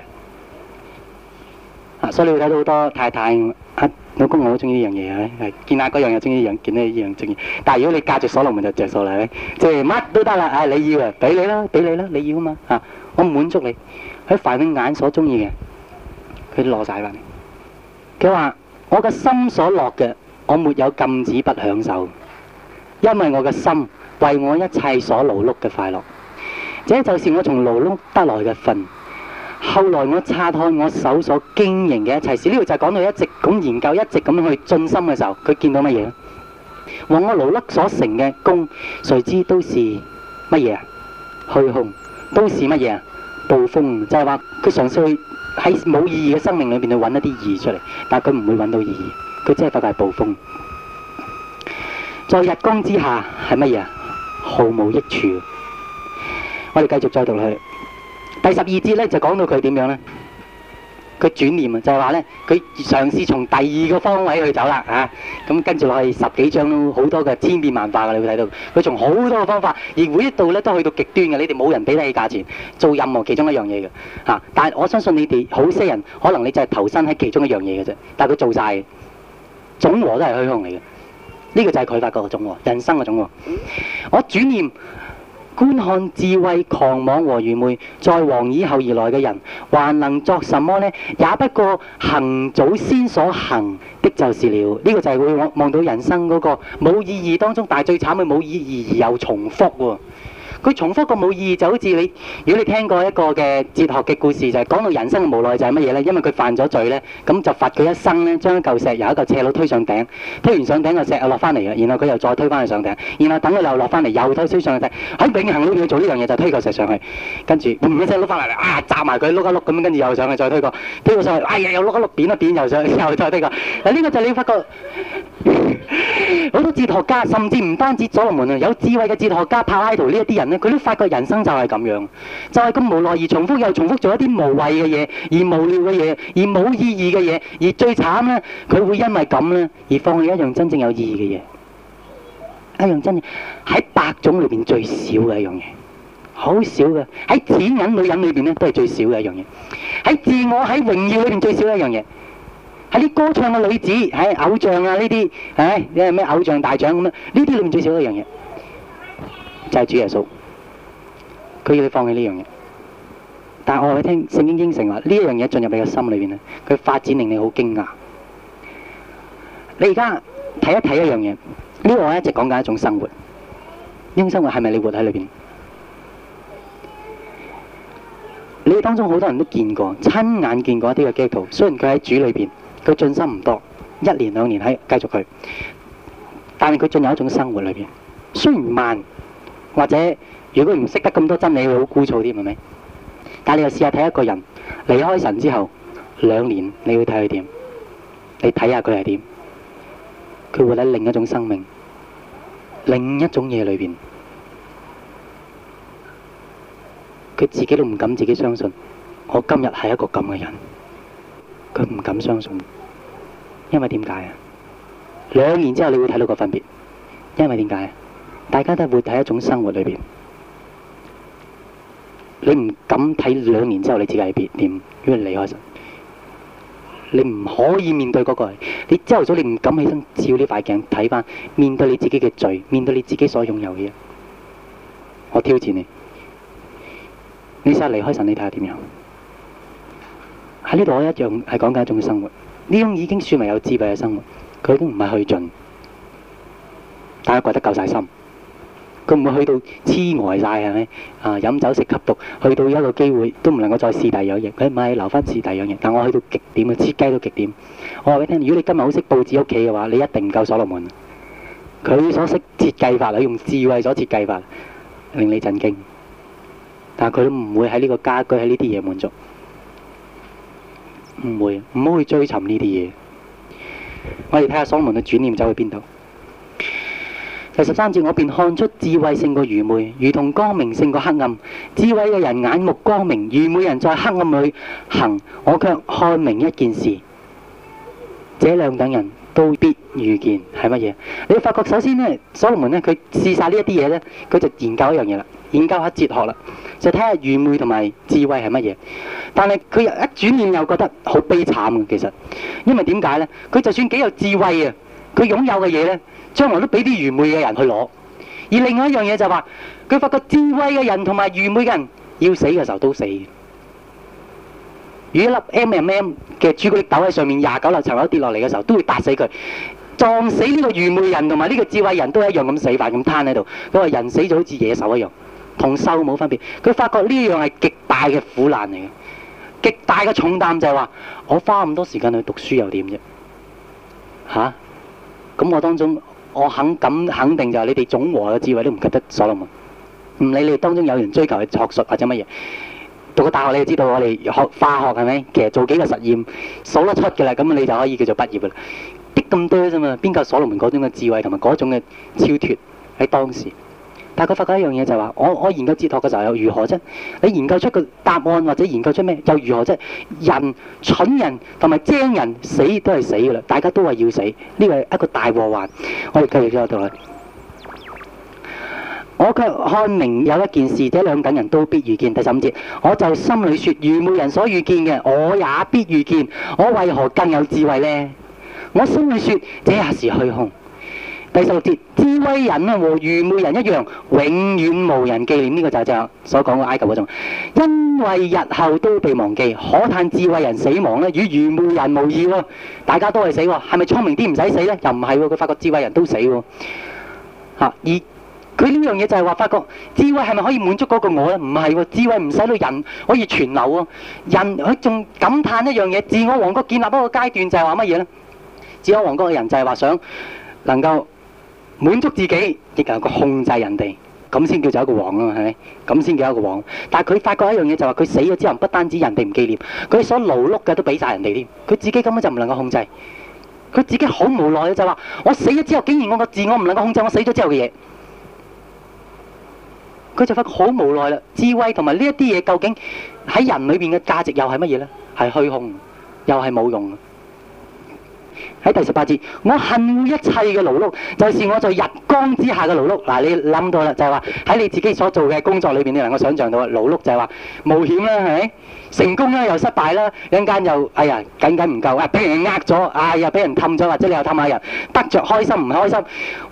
Speaker 1: 啊，所以你會睇到好多太太啊，老公我好中意呢樣嘢啊，係見下嗰樣又中意樣，見到呢一樣中意。但係如果你嫁住所羅門就着數啦，即係乜都得啦，啊你要啊，俾你啦，俾你啦，你要啊嘛，啊我唔滿足你。喺凡人眼所中意嘅，佢落曬啦。佢話：我嘅心所落嘅，我沒有禁止不享受，因為我嘅心為我一切所勞碌嘅快樂。這就是我從勞碌得來嘅份。後來我察看我手所經營嘅一切事，呢度就係講到一直咁研究，一直咁去進心嘅時候，佢見到乜嘢咧？和我勞碌所成嘅功，誰知都是乜嘢啊？虛空都是乜嘢啊？暴風就係話，佢嘗試去喺冇意義嘅生命裏邊去揾一啲意義出嚟，但係佢唔會揾到意義，佢只係發覺係暴風。在日光之下係乜嘢？毫無益處。我哋繼續再讀落去，第十二節呢，就講到佢點樣呢？佢轉念啊，就係話咧，佢嘗試從第二個方位去走啦、啊、嚇，咁、啊、跟住落去十幾章都好多嘅千變萬化嘅，你會睇到佢從好多個方法，而每一度咧都去到極端嘅，你哋冇人俾得起價錢做任何其中一樣嘢嘅嚇，但係我相信你哋好些人可能你就係投身喺其中一樣嘢嘅啫，但係佢做曬總和都係虛空嚟嘅，呢、這個就係佢發覺嘅總和，人生嘅總和，我轉念。觀看智慧狂妄和愚昧在王以後而來嘅人，還能作什麼呢？也不過行祖先所行的，就是了。呢個就係會望望到人生嗰個冇意義當中，但係最慘嘅冇意義而又重複喎。佢重複個冇意義，就好似你，如果你聽過一個嘅哲學嘅故事，就係、是、講到人生嘅無奈就係乜嘢咧？因為佢犯咗罪咧，咁就罰佢一生咧，將一嚿石由一個斜路推上頂，推完上頂個石又落翻嚟嘅，然後佢又再推翻去上頂，然後等佢又落翻嚟，又推上、哎、推上去嘅，喺永恆裏面做呢樣嘢就推嚿石上去，跟住唔一聲碌翻嚟，啊，炸埋佢碌一碌咁，跟住又上去再推過，推過上去，哎呀，又碌一碌扁一扁，扁又上去，又再推過，嗱呢、這個就你發覺好 *laughs* 多哲學家，甚至唔單止左龍門啊，有智慧嘅哲學家柏拉圖呢一啲人。佢都發覺人生就係咁樣，就係、是、咁無奈而重複又重複做一啲無謂嘅嘢，而無聊嘅嘢，而冇意義嘅嘢，而最慘咧，佢會因為咁咧而放棄一樣真正有意義嘅嘢，一樣真嘅喺百種裏邊最少嘅一樣嘢，好少嘅喺錢銀女人裏邊咧都係最少嘅一樣嘢，喺自我喺榮耀裏邊最少一樣嘢，喺啲歌唱嘅女子喺、哎、偶像啊呢啲，你係咩偶像大獎咁啊？呢啲裏面最少一樣嘢，就係、是、主耶穌。佢要你放棄呢樣嘢，但係我話畀你聽，聖經應承話，呢一樣嘢進入你嘅心裏邊咧，佢發展令你好驚訝。你而家睇一睇一樣嘢，呢個我一直講緊一種生活，呢種生活係咪你活喺裏邊？你當中好多人都見過，親眼見過一啲嘅基督徒，雖然佢喺主裏邊，佢進深唔多，一年兩年喺繼續佢，但係佢進入一種生活裏邊，雖然慢或者。如果唔識得咁多真理，會好枯燥啲，係咪？但係你又試下睇一個人離開神之後兩年，你會睇佢點？你睇下佢係點？佢活喺另一種生命、另一種嘢裏邊，佢自己都唔敢自己相信。我今日係一個咁嘅人，佢唔敢相信，因為點解啊？兩年之後，你會睇到個分別，因為點解啊？大家都會喺一種生活裏邊。你唔敢睇兩年之後你自己係點？因為離開神，你唔可以面對嗰個。你朝頭早你唔敢起身照呢塊鏡睇翻，面對你自己嘅罪，面對你自己所擁有嘅嘢。我挑戰你，你試下離開神，你睇下點樣。喺呢度我一樣係講緊一種生活，呢種已經算係有智慧嘅生活，佢已經唔係去盡，但係覺得夠晒心。都唔會去到痴呆曬，係咪啊？飲酒食吸毒，去到一個機會都唔能夠再試第二樣嘢，唔係留翻試第二樣嘢。但係我去到極點啊，設計到極點。我話俾你聽，如果你今日好識佈置屋企嘅話，你一定唔夠所羅門。佢所識設計法，佢用智慧所設計法，令你震驚。但係佢唔會喺呢個家居喺呢啲嘢滿足，唔會唔好去追尋呢啲嘢。我哋睇下所羅門佢轉念走去邊度。第十三節，我便看出智慧勝過愚昧，如同光明勝過黑暗。智慧嘅人眼目光明，愚昧人在黑暗裏行。我卻看明一件事，這兩等人都必遇見係乜嘢？你發覺首先呢，所羅門咧，佢試晒呢一啲嘢呢，佢就研究一樣嘢啦，研究下哲學啦，就睇下愚昧同埋智慧係乜嘢。但係佢一轉念又覺得好悲慘嘅，其實，因為點解呢？佢就算幾有智慧啊！佢擁有嘅嘢咧，將來都俾啲愚昧嘅人去攞。而另外一樣嘢就係話，佢發覺智慧嘅人同埋愚昧嘅人要死嘅時候都死。一粒 M&M 嘅朱古力豆喺上面廿九樓層樓跌落嚟嘅時候，都會砸死佢，撞死呢個愚昧人同埋呢個智慧人都係一樣咁死法咁攤喺度。佢話人死咗好似野獸一樣，同獸冇分別。佢發覺呢樣係極大嘅苦難嚟。極大嘅重擔就係話，我花咁多時間去讀書又點啫？嚇！咁我當中，我肯敢肯定就係、是、你哋總和嘅智慧都唔及得所羅門。唔理你哋當中有人追求嘅學術或者乜嘢，讀個大學你就知道我，我哋學化學係咪？其實做幾個實驗，數得出嘅啦，咁你就可以叫做畢業噶啦。啲咁多啫嘛，邊個所羅門嗰種嘅智慧同埋嗰種嘅超脫喺當時？但佢發覺一樣嘢就係話，我我研究哲學嘅時候又如何啫？你研究出個答案或者研究出咩又如何啫？人蠢人同埋精人死都係死噶啦，大家都話要死，呢個係一個大禍患。我哋繼續再讀啦。我卻看明有一件事，這兩等人都必遇見。第十五節，我就心裏說：愚昧人所遇見嘅，我也必遇見。我為何更有智慧呢？我心裏說：這也是虛空。第十六節，智慧人啊，和愚昧人一樣，永遠無人記念呢，這個就係正所講嘅埃及嗰種，因為日後都被忘記。可嘆智慧人死亡咧，與愚昧人無異喎。大家都係死喎，係咪聰明啲唔使死咧？又唔係喎，佢發覺智慧人都死喎，啊。而佢呢樣嘢就係話發覺智慧係咪可以滿足嗰個我咧？唔係喎，智慧唔使到人可以存留喎。人佢仲感嘆一樣嘢，自我王國建立一個階段就係話乜嘢咧？自我王國嘅人就係話想能夠。滿足自己，亦係個控制人哋，咁先叫做一個王啊嘛，係咪？咁先叫一個王。但係佢發覺一樣嘢就係話，佢死咗之後，不單止人哋唔記念，佢所勞碌嘅都俾晒人哋添。佢自己根本就唔能夠控制，佢自己好無奈就話：我死咗之後，竟然我個自我唔能夠控制我死咗之後嘅嘢。佢就發覺好無奈啦，智慧同埋呢一啲嘢究竟喺人裏邊嘅價值又係乜嘢咧？係虛空，又係冇用。喺第十八節，我恨一切嘅勞碌，就是我在日光之下嘅勞碌。嗱、啊，你諗到啦，就係話喺你自己所做嘅工作裏面，你能夠想象到啊，勞碌就係話冒險啦，係咪成功啦又失敗啦，一間又哎呀僅僅唔夠啊，俾、哎、人呃咗，啊又俾人氹咗，或者你又氹下人，得着開心唔開心，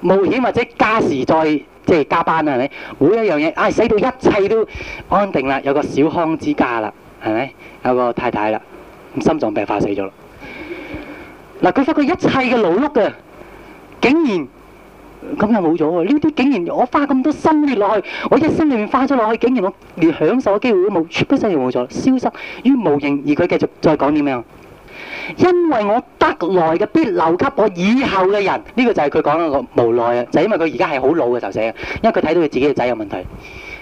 Speaker 1: 冒險或者加時再即係加班啦，係咪每一樣嘢，哎死到一切都安定啦，有個小康之家啦，係咪有個太太啦？心臟病發死咗啦。嗱，佢發覺一切嘅勞碌呀，竟然咁又冇咗喎！呢啲竟然我花咁多心血落去，我一生裏面花咗落去，竟然我連享受嘅機會都冇，全部真係冇咗，消失於無形。而佢繼續再講點樣？因為我得來嘅必留給我以後嘅人，呢個就係佢講嘅無奈啊！就係、因為佢而家係好老嘅時候寫嘅，因為佢睇到佢自己嘅仔有問題，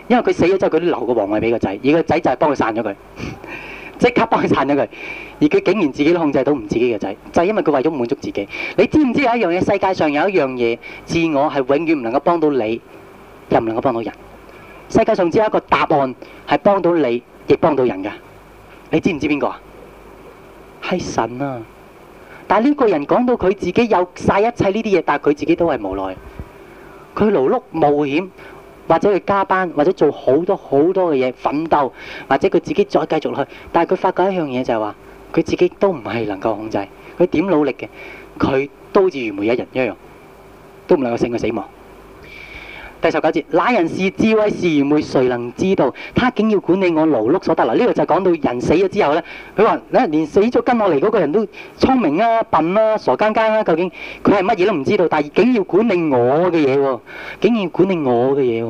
Speaker 1: 因為佢死咗之後，佢都留個皇位俾個仔，而個仔就係幫佢散咗佢。即刻幫佢撐咗佢，而佢竟然自己都控制到唔自己嘅仔，就係因為佢為咗滿足自己。你知唔知有一樣嘢？世界上有一樣嘢，自我係永遠唔能夠幫到你，又唔能夠幫到人。世界上只有一個答案係幫到你，亦幫到人㗎。你知唔知邊個啊？係神啊！但係呢個人講到佢自己有晒一切呢啲嘢，但係佢自己都係無奈，佢勞碌冒險。或者佢加班，或者做好多好多嘅嘢奮鬥，或者佢自己再繼續落去，但係佢發覺一樣嘢就係話，佢自己都唔係能夠控制，佢點努力嘅，佢都好似愚昧人一樣，都唔能夠勝過死亡。第十九節，那人是智慧是愚昧。誰能知道？他竟要管理我勞碌所得。嗱，呢個就講到人死咗之後咧，佢話咧，連死咗跟我嚟嗰個人都聰明啊、笨啊、傻更更啊，究竟佢係乜嘢都唔知道，但係竟要管理我嘅嘢喎，竟然要管理我嘅嘢喎。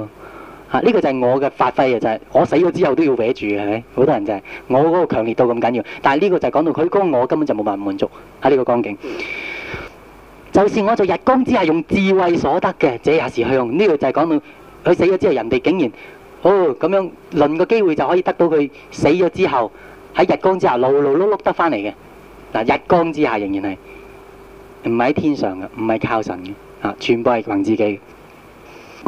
Speaker 1: 呢、這個就係我嘅發揮啊，就係、是、我死咗之後都要搲住嘅，好多人就係、是、我嗰個強烈到咁緊要。但係呢個就係講到佢嗰個我根本就冇辦法滿足喺呢個光景。就是我在日光之下用智慧所得嘅，這也是向，呢個就係講到佢死咗之後，人哋竟然哦，咁樣輪個機會就可以得到佢死咗之後喺日光之下勞勞碌碌得翻嚟嘅。嗱，日光之下仍然係唔係喺天上嘅，唔係靠神嘅啊，全部係憑自己嘅。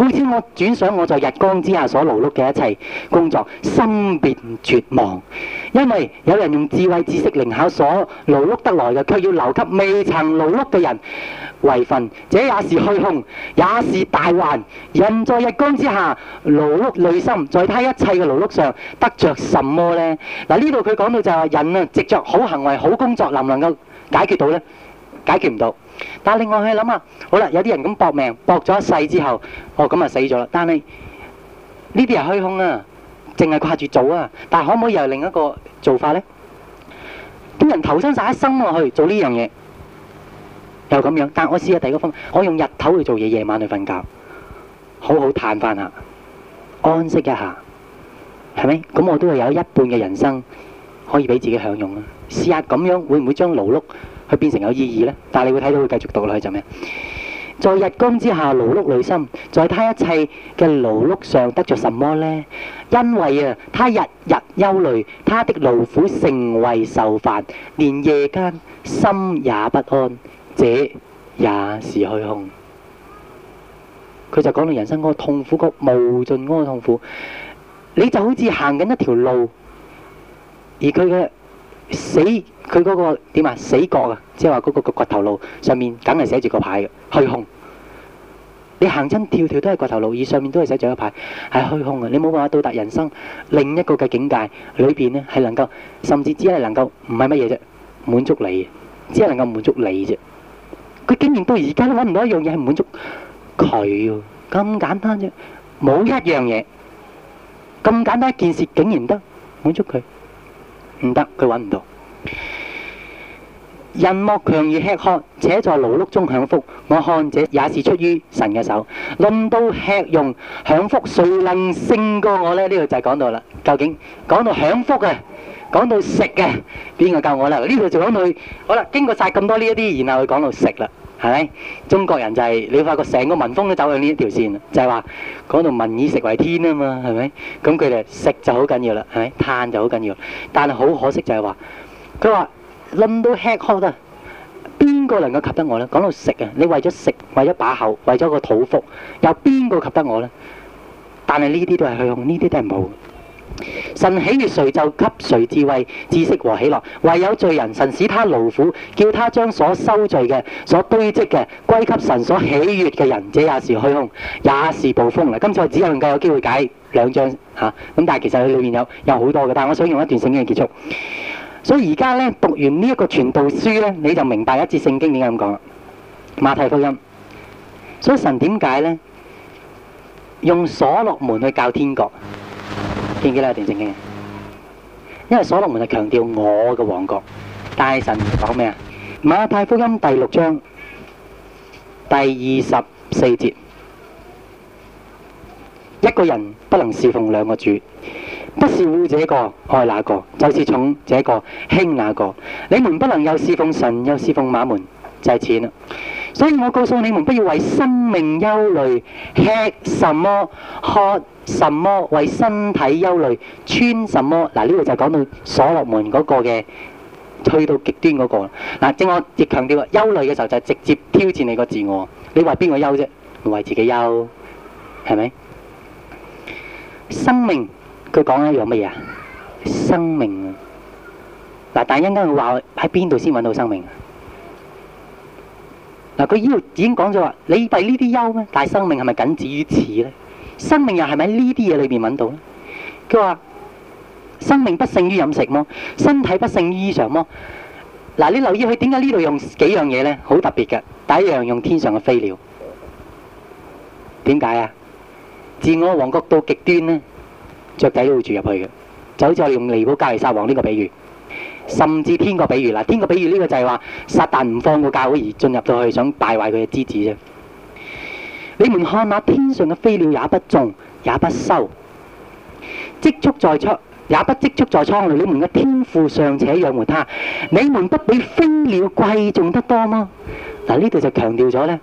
Speaker 1: 好似我轉想我在日光之下所勞碌嘅一切工作，心便絕望，因為有人用智慧知識靈巧所勞碌得來嘅，卻要留給未曾勞碌嘅人為分，這也是虛空，也是大患。人在日光之下勞碌累心，在他一切嘅勞碌上得着什麼呢？嗱，呢度佢講到就係人啊，藉着好行為、好工作，能唔能夠解決到呢？解決唔到。但係另外去諗下，好啦，有啲人咁搏命，搏咗一世之後，哦咁啊死咗啦。但係呢啲係虛空啊，淨係掛住做啊。但係可唔可以又另一個做法咧？啲人投身晒一生落去做呢樣嘢，又咁樣。但我試下第二個方法，我用日頭去做嘢，夜晚去瞓覺，好好嘆翻下，安息一下，係咪？咁我都係有一半嘅人生可以俾自己享用啊！試下咁樣會唔會將勞碌？佢變成有意義咧，但係你會睇到佢繼續讀落去就咩？在日光之下勞碌累心，在他一切嘅勞碌上得著什麼呢？因為啊，他日日憂慮，他的勞苦成為受煩，連夜間心也不安，這也是虛空。佢就講到人生嗰個痛苦，嗰個無盡嗰個痛苦，你就好似行緊一條路，而佢嘅。死佢嗰個點啊死角啊，即係話嗰個個掘頭路上面，梗係寫住個牌嘅虛空。你行親條條都係掘頭路，而上面都係寫住個牌，係虛空嘅。你冇辦法到達人生另一個嘅境界裏邊咧，係能夠甚至只係能夠唔係乜嘢啫，滿足你，只係能夠滿足你啫。佢竟然到而家都搵唔到一樣嘢係滿足佢，咁簡單啫，冇一樣嘢咁簡單一件事竟然得滿足佢。唔得，佢揾唔到。人莫強如吃喝，且在勞碌中享福。我看這也是出於神嘅手。論到吃用享福，誰能勝過我呢？呢度就係講到啦。究竟講到享福啊，講到食啊，邊個夠我啦？呢度就講到去好啦。經過曬咁多呢一啲，然後去講到食啦。係咪？中國人就係、是、你會發覺成個民風都走向呢一條線，就係話講到民以食為天啊嘛，係咪？咁佢哋食就好緊要啦，係咪？碳就好緊要，但係好可惜就係話，佢話論到吃喝得，邊個能夠及得我咧？講到食啊，你為咗食，為咗把口，為咗個肚腹，有邊個及得我咧？但係呢啲都係向，呢啲都係冇。神喜悅誰就給誰智慧、知識和喜樂，唯有罪人，神使他勞苦，叫他將所收罪嘅，所堆積嘅歸給神所喜悅嘅人，者。也是虛空，也是暴風。嚟，今次我只能夠有機會解兩章吓，咁，啊，但係其實佢裏面有有好多嘅，但係我想用一段聖經嘅結束。所以而家咧讀完呢一個傳道書咧，你就明白一節聖經點解咁講啦，馬太福音。所以神點解咧用所羅門去教天國？點解呢一定正經嘅？因為所羅門係強調我嘅王國，大神講咩啊？馬太福音第六章第二十四節：一個人不能侍奉兩個主，不是惡這個愛那個，就是重這個輕那個。你們不能又侍奉神又侍奉馬門，就係錢啦。所以我告訴你們，不要為生命憂慮，吃什麼、喝什麼，為身體憂慮，穿什麼。嗱，呢度就講到所羅門嗰個嘅，去到極端嗰個。嗱，正我亦強調啊，憂慮嘅時候就直接挑戰你個自我。你話邊個憂啫？唔為自己憂，係咪？生命佢講緊一樣乜嘢啊？生命。嗱，但係一陣間佢話喺邊度先揾到生命？嗱，佢呢度已經講咗話，你為呢啲憂咩？但係生命係咪僅止於此咧？生命又係咪喺呢啲嘢裏邊揾到咧？佢話：生命不勝於飲食麼？身體不勝於衣裳麼？嗱，啊，你留意佢點解呢度用幾樣嘢咧？好特別嘅，第一樣用天上嘅飛鳥。點解啊？自我王國到極端咧，雀仔都會住入去嘅。就好似我哋用尼布甲尼撒王呢個比喻。甚至天國比喻啦，天國比喻呢個就係話撒旦唔放過教會而進入到去想敗壞佢嘅子子啫。你們看那天上嘅飛鳥，也不種也不收，積蓄在倉也不積蓄在倉裏。你們嘅天父尚且養活他，你們不比飛鳥貴重得多嗎？嗱，呢度就強調咗呢，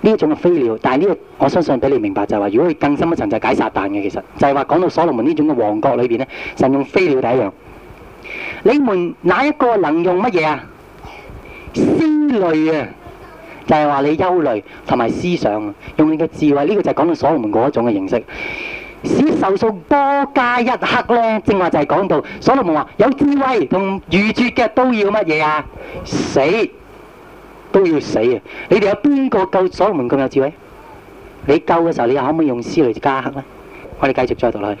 Speaker 1: 呢一種嘅飛鳥。但係呢，個我相信俾你明白就係話，如果佢更深一層就解撒旦嘅，其實就係話講到所羅門呢種嘅王國裏邊咧，神用飛鳥第一樣。你們哪一個能用乜嘢啊？思慮啊，就係、是、話你憂慮同埋思想、啊，用你嘅智慧呢、這個就係講到所羅門嗰一種嘅形式。使受數多加一克咧，正話就係講到所羅門話有智慧同預知嘅都要乜嘢啊？死都要死啊！你哋有邊個夠所羅門咁有智慧？你救嘅時候，你又可唔可以用思慮加一克咧？我哋繼續再度落去。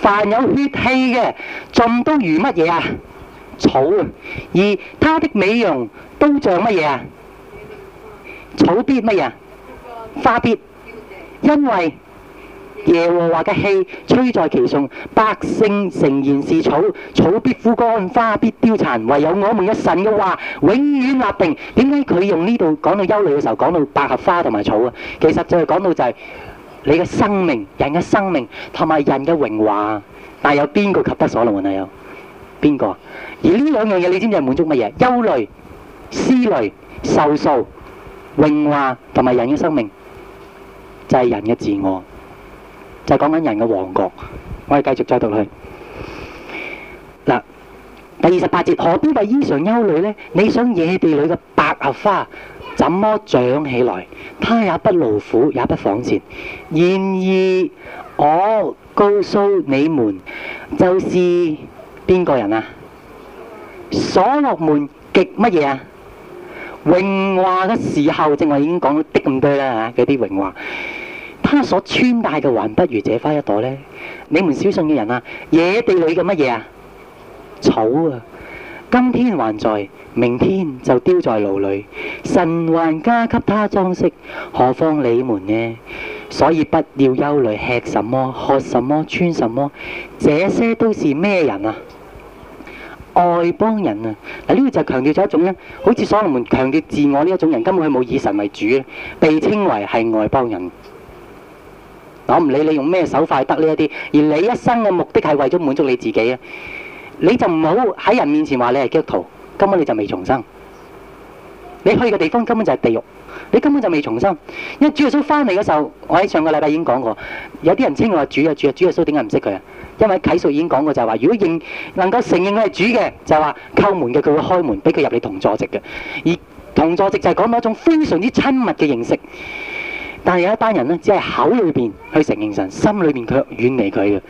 Speaker 1: 凡有血氣嘅，盡都如乜嘢啊？草，而他的美容都像乜嘢啊？草必乜嘢？花必，因為耶和華嘅氣吹在其中，百姓誠然是草，草必枯乾，花必凋殘，唯有我們一神嘅話永遠立定。點解佢用呢度講到憂慮嘅時候，講到百合花同埋草啊？其實就係講到就係、是。你嘅生命、人嘅生命同埋人嘅榮華，但係有邊個及得所羅門啊？有邊個？而呢兩樣嘢，你知唔知係滿足乜嘢？憂慮、思慮、受訴、榮華同埋人嘅生命，就係人嘅自我，就係講緊人嘅王國。我哋繼續再讀落去。嗱，第二十八節，何必為衣裳憂慮呢？你想野地裏嘅百合花？怎麼長起來？他也不勞苦，也不紡線。然而，我告訴你們，就是邊個人啊？所羅門極乜嘢啊？榮華嘅時候，正話已經講咗啲咁多啦嚇，嗰啲榮華，他所穿戴嘅，還不如這花一朵咧。你們小信嘅人啊，野地裏嘅乜嘢啊？草啊！今天還在，明天就丟在爐裏。神還加給他裝飾，何況你們呢？所以不要憂慮，吃什麼，喝什麼，穿什麼，這些都是咩人啊？外邦人啊！嗱，呢個就強調咗一種咧，好似所羅門強調自我呢一種人，根本係冇以神為主，被稱為係外邦人。我唔理你用咩手法得呢一啲，而你一生嘅目的係為咗滿足你自己啊！你就唔好喺人面前話你係基督徒，根本你就未重生。你去嘅地方根本就係地獄，你根本就未重生。因為主耶穌翻嚟嗰時候，我喺上個禮拜已經講過，有啲人稱我係主啊主啊，主耶穌點解唔識佢啊？因為喺啟示已經講過就係話，如果認能夠承認佢係主嘅，就話、是、叩門嘅佢會開門，俾佢入你同座席嘅。而同座席就係講某一種非常之親密嘅認識。但係有一班人咧，只係口裏邊去承認神，心裏邊卻遠離佢嘅。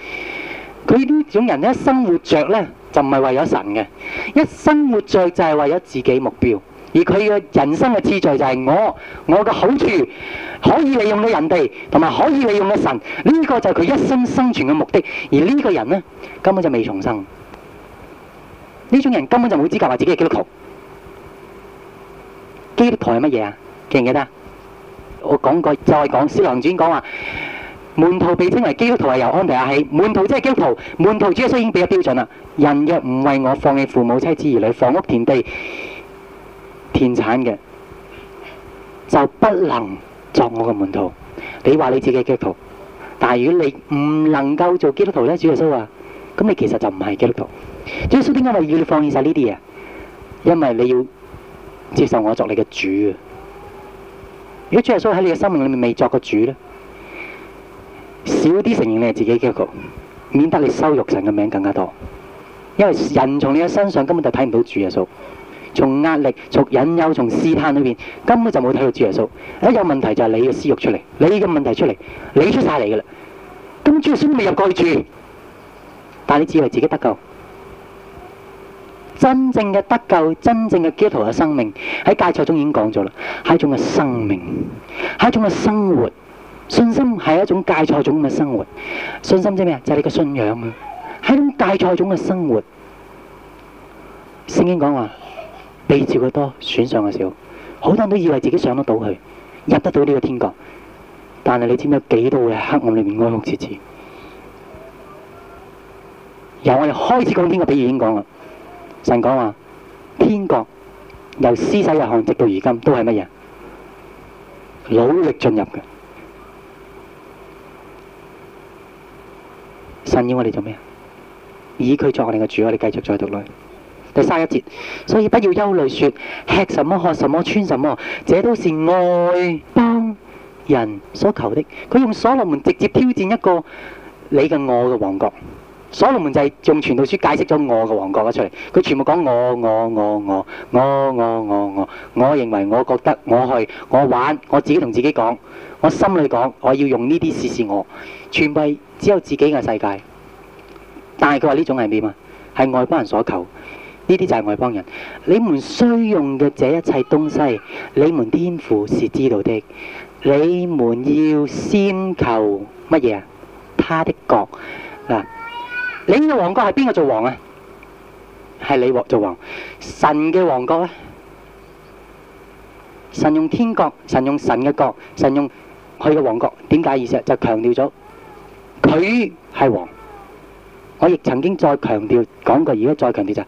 Speaker 1: 佢呢種人咧生活着咧。就唔係為咗神嘅，一生活著就係為咗自己目標，而佢嘅人生嘅志在就係我，我嘅好處可以利用到人哋，同埋可以利用到神，呢、這個就係佢一生生存嘅目的。而呢個人咧，根本就未重生。呢種人根本就冇資格話自己係基督徒。基督徒係乜嘢啊？記唔記得啊？我講過再係講《斯浪傳》講話。門徒被稱為基督徒係由安提阿起，門徒即係基督徒，門徒主耶穌已經俾咗標準啦。人若唔為我放棄父母、妻子、兒女、房屋、田地、田產嘅，就不能作我嘅門徒。你話你自己係基督徒，但係如果你唔能夠做基督徒咧，主耶穌話，咁你其實就唔係基督徒。主耶穌點解我要你放棄晒呢啲嘢？因為你要接受我作你嘅主啊！如果主耶穌喺你嘅生命裏面未作過主咧？少啲承認你係自己嘅基督徒，免得你羞辱神嘅名更加多。因為人從你嘅身上根本就睇唔到主耶穌，從壓力、從引誘、從試探裏邊根本就冇睇到主耶穌。一有問題就係你嘅私欲出嚟，你嘅問題出嚟，你出晒嚟嘅啦。咁主要先未入過去住，但係你自以為自己得救。真正嘅得救，真正嘅基督徒嘅生命，喺芥菜中已經講咗啦，係一種嘅生命，係一種嘅生活。信心係一種芥菜種嘅生活，信心即係咩啊？就係、是、你嘅信仰啊！喺芥菜種嘅生活，聖經講話，被召嘅多，選上嘅少。好多人都以為自己上得到去，入得到呢個天國，但係你知唔知有幾多嘅黑暗裏面哀哭切齒？由我哋開始講天國，比喻已經講啦。神講話，天國由施洗約翰直到而今都係乜嘢？努力進入嘅。神要我哋做咩啊？以佢作我哋嘅主，我哋繼續再讀佢。第三一節，所以不要憂慮說，説吃什麼、喝什麼、穿什麼，這都是愛邦人所求的。佢用所羅門直接挑戰一個你嘅我嘅王國。所羅門就係用傳道書解釋咗我嘅王國咗出嚟。佢全部講我，我，我、我、我、我、我、我、我、我，我認為、我覺得、我去、我玩，我自己同自己講，我心裏講，我要用呢啲試試我。全為只有自己嘅世界，但係佢話呢種係咩啊？係外邦人所求，呢啲就係外邦人。你們需用嘅這一切東西，你們天父是知道的。你們要先求乜嘢啊？他的國嗱，你呢個王國係邊個做王啊？係你國做王，神嘅王國咧？神用天國，神用神嘅國，神用佢嘅王國。點解意思？就強調咗。佢係王，我亦曾經再強調講過，而家再強調就係、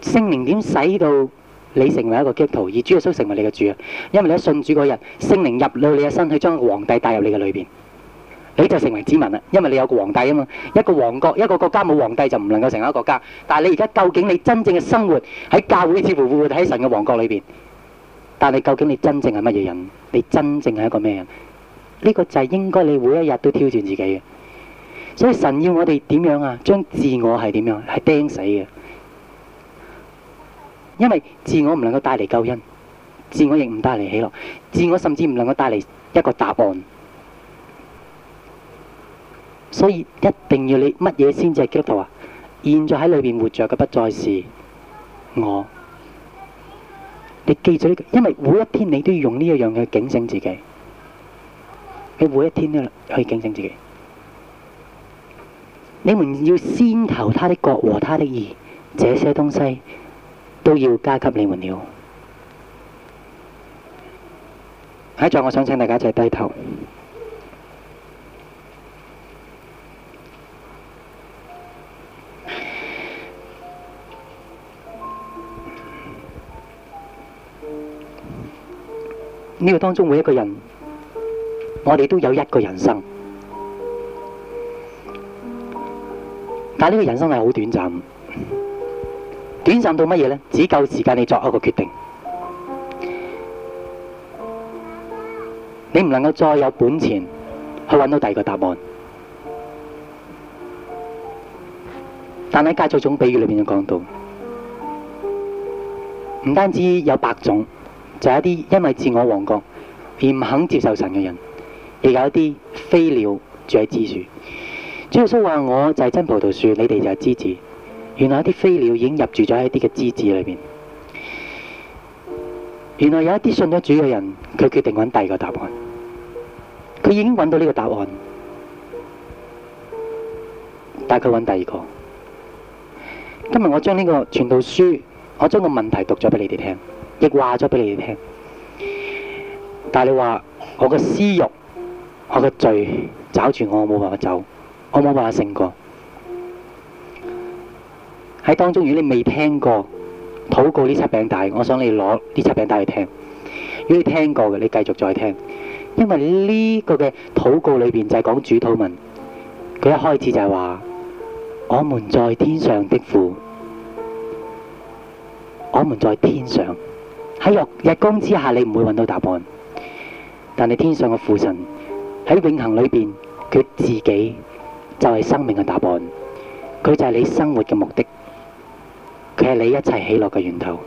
Speaker 1: 是、聖靈點使到你成為一個基督徒，而主耶穌成為你嘅主啊，因為你一信主嗰日，聖靈入到你嘅身體，去將皇帝帶入你嘅裏邊，你就成為子民啦，因為你有個皇帝啊嘛，一個王國一個國家冇皇帝就唔能夠成為一個國家，但係你而家究竟你真正嘅生活喺教會，似乎喺神嘅王國裏邊，但係究竟你真正係乜嘢人？你真正係一個咩人？呢、這個就係應該你每一日都挑戰自己嘅。所以神要我哋點樣啊？將自我係點樣？係釘死嘅，因為自我唔能夠帶嚟救恩，自我亦唔帶嚟喜樂，自我甚至唔能夠帶嚟一個答案。所以一定要你乜嘢先至係基督徒啊？現在喺裏面活着嘅不再是我。你記住呢個，因為每一天你都要用呢一樣去警醒自己。你每一天都去警醒自己。你們要先求他的國和他的義，這些東西都要加給你們了。喺座，我想請大家一齊低頭。呢個當中每一個人，我哋都有一個人生。但呢個人生係好短暫，短暫到乜嘢呢？只夠時間你作一個決定，你唔能夠再有本錢去揾到第二個答案。但喺家族種比喻裏面就講到，唔單止有百種，就有、是、一啲因為自我王國而唔肯接受神嘅人，亦有一啲飛鳥住喺枝樹。主耶穌話：我就係真葡萄樹，你哋就係枝子。原來一啲飛鳥已經入住咗喺一啲嘅枝子裏面。原來有一啲信咗主嘅人，佢決定揾第二個答案。佢已經揾到呢個答案，但係佢揾第二個。今日我將呢個傳道書，我將個問題讀咗俾你哋聽，亦話咗俾你哋聽。但係你話我嘅私慾，我嘅罪找住我，我冇辦法走。我冇辦法勝過喺當中，如果你未聽過禱告啲七餅帶，我想你攞啲七餅帶去聽。如果你聽過嘅，你繼續再聽，因為呢個嘅禱告裏邊就係講主禱文。佢一開始就係話：，我們在天上的父，我們在天上喺日日光之下，你唔會揾到答案。但係天上嘅父神喺永恆裏邊，佢自己，就係生命嘅答案，佢就係你生活嘅目的，佢係你一切喜樂嘅源頭。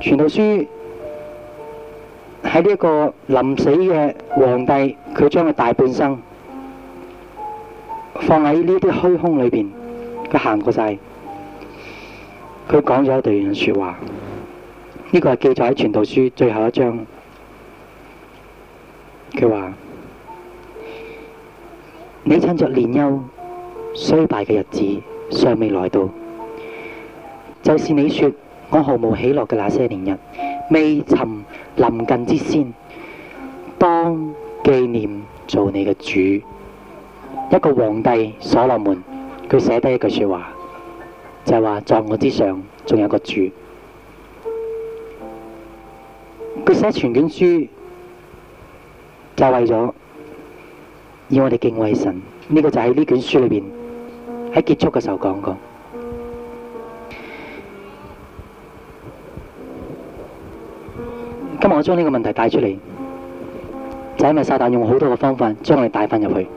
Speaker 1: 《傳道書》喺呢一個臨死嘅皇帝，佢將佢大半生放喺呢啲虛空裏邊，佢行過晒，佢講咗一段說話。呢個係記載喺《傳道書》最後一章，佢話。你趁着年幼衰敗嘅日子尚未來到，就是你說我毫無喜樂嘅那些年日，未曾臨近之先，當紀念做你嘅主。一個皇帝所羅門，佢寫低一句說話，就話在我之上仲有個主。佢寫全卷書就為咗。以我哋敬畏神，呢個就喺呢卷書裏邊喺結束嘅時候講過。今日我將呢個問題帶出嚟，就因為撒旦用好多嘅方法將我哋帶翻入去。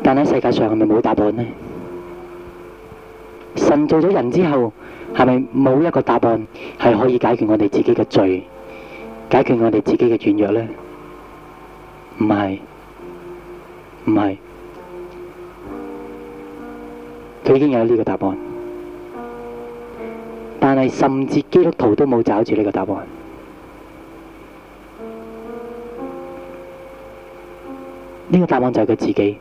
Speaker 1: 但喺世界上係咪冇答案呢？神做咗人之後。係咪冇一個答案係可以解決我哋自己嘅罪，解決我哋自己嘅軟弱呢？唔係，唔係，佢已經有呢個答案，但係甚至基督徒都冇找住呢個答案。呢個答案就係佢自己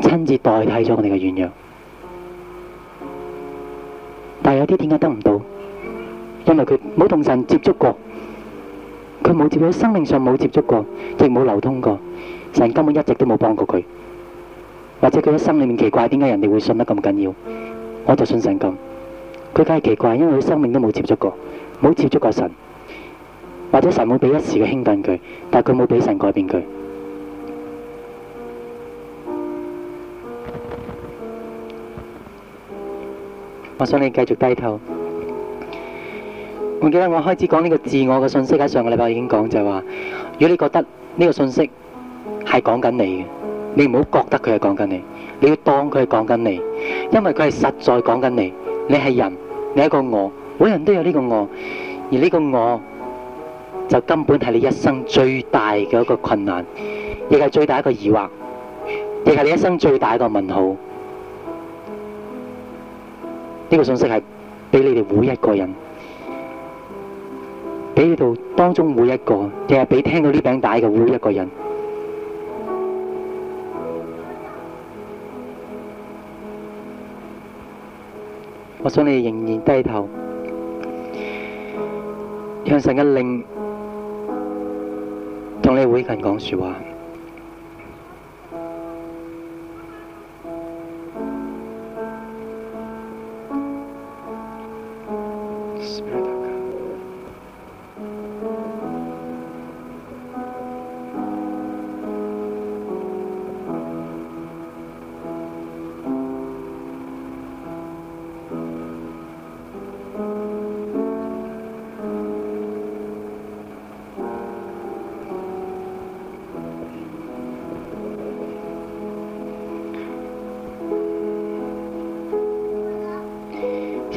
Speaker 1: 親自代替咗我哋嘅軟弱。但有啲點解得唔到？因為佢冇同神接觸過，佢冇接喺生命上冇接觸過，亦冇流通過。神根本一直都冇幫過佢，或者佢喺心裏面奇怪點解人哋會信得咁緊要？我就信神咁。佢梗係奇怪，因為佢生命都冇接觸過，冇接觸過神，或者神冇俾一時嘅興奮佢，但係佢冇俾神改變佢。我想你繼續低頭。我記得我開始講呢個自我嘅信息喺上個禮拜已經講就係話，如果你覺得呢個信息係講緊你嘅，你唔好覺得佢係講緊你，你要當佢係講緊你，因為佢係實在講緊你。你係人，你一個我，每人都有呢個我，而呢個我就根本係你一生最大嘅一個困難，亦係最大一個疑惑，亦係你一生最大一個問號。呢個信息係俾你哋每一個人，俾你哋當中每一個，成日俾聽到呢餅帶嘅每一個人，我想你哋仍然低頭，向神嘅靈同你哋每
Speaker 2: 一個人講説話。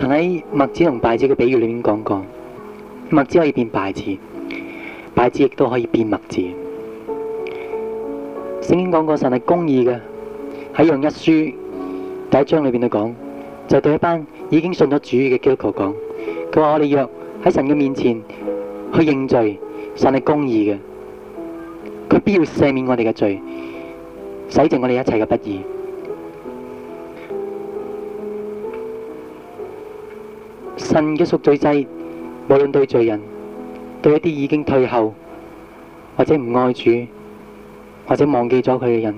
Speaker 1: 喺墨子同白子嘅比喻裏面講過，墨子可以變白字，白子亦都可以變墨子。聖經講過神係公義嘅，喺《約一書》第一章裏邊都講，就是、對一班已經信咗主嘅基督徒講，佢話我哋若喺神嘅面前去認罪，神係公義嘅，佢必要赦免我哋嘅罪，洗淨我哋一切嘅不義。神嘅贖罪祭，無論對罪人，對一啲已經退後或者唔愛主或者忘記咗佢嘅人，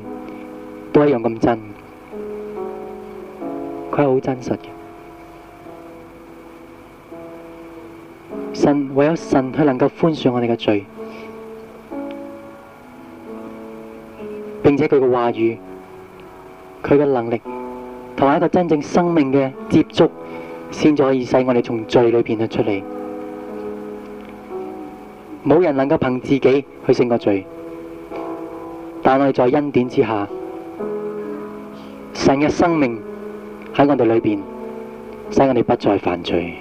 Speaker 1: 都一樣咁真。佢係好真實嘅。神唯有神佢能夠寬恕我哋嘅罪，並且佢嘅話語，佢嘅能力，同埋一個真正生命嘅接觸。先至可以使我哋從罪裏邊啊出嚟，冇人能夠憑自己去勝過罪，但係在恩典之下，神嘅生命喺我哋裏邊，使我哋不再犯罪。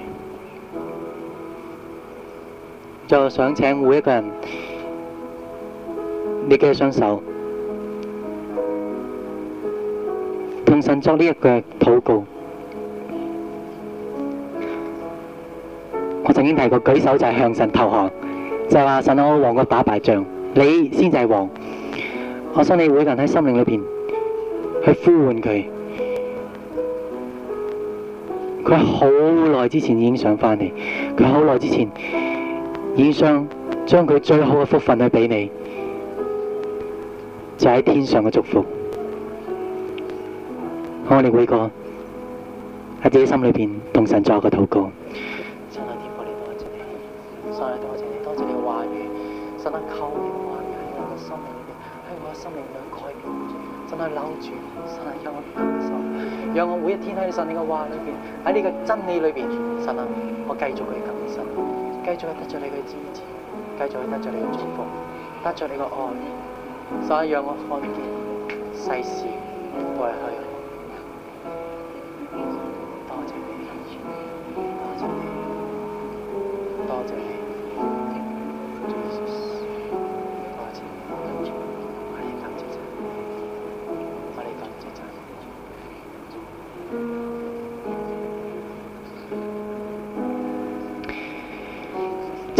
Speaker 1: 就想請每一個人，你嘅雙手同神作呢一句禱告。曾經提過舉手就係向神投降，就係話神，我王國打敗仗，你先至係王。我想你每個人喺心靈裏邊去呼喚佢，佢好耐之前已經想翻嚟佢好耐之前已經想將佢最好嘅福分去俾你，就喺天上嘅祝福。我哋每個喺自己心裏邊同神作一個禱告。讓我每一天喺你神嘅話裏邊，喺呢個真理裏邊神啊！我繼續去感受，繼續去得着你嘅支持，繼續去得着你嘅祝福，得着你嘅愛，所以、啊、讓我看見世事、嗯嗯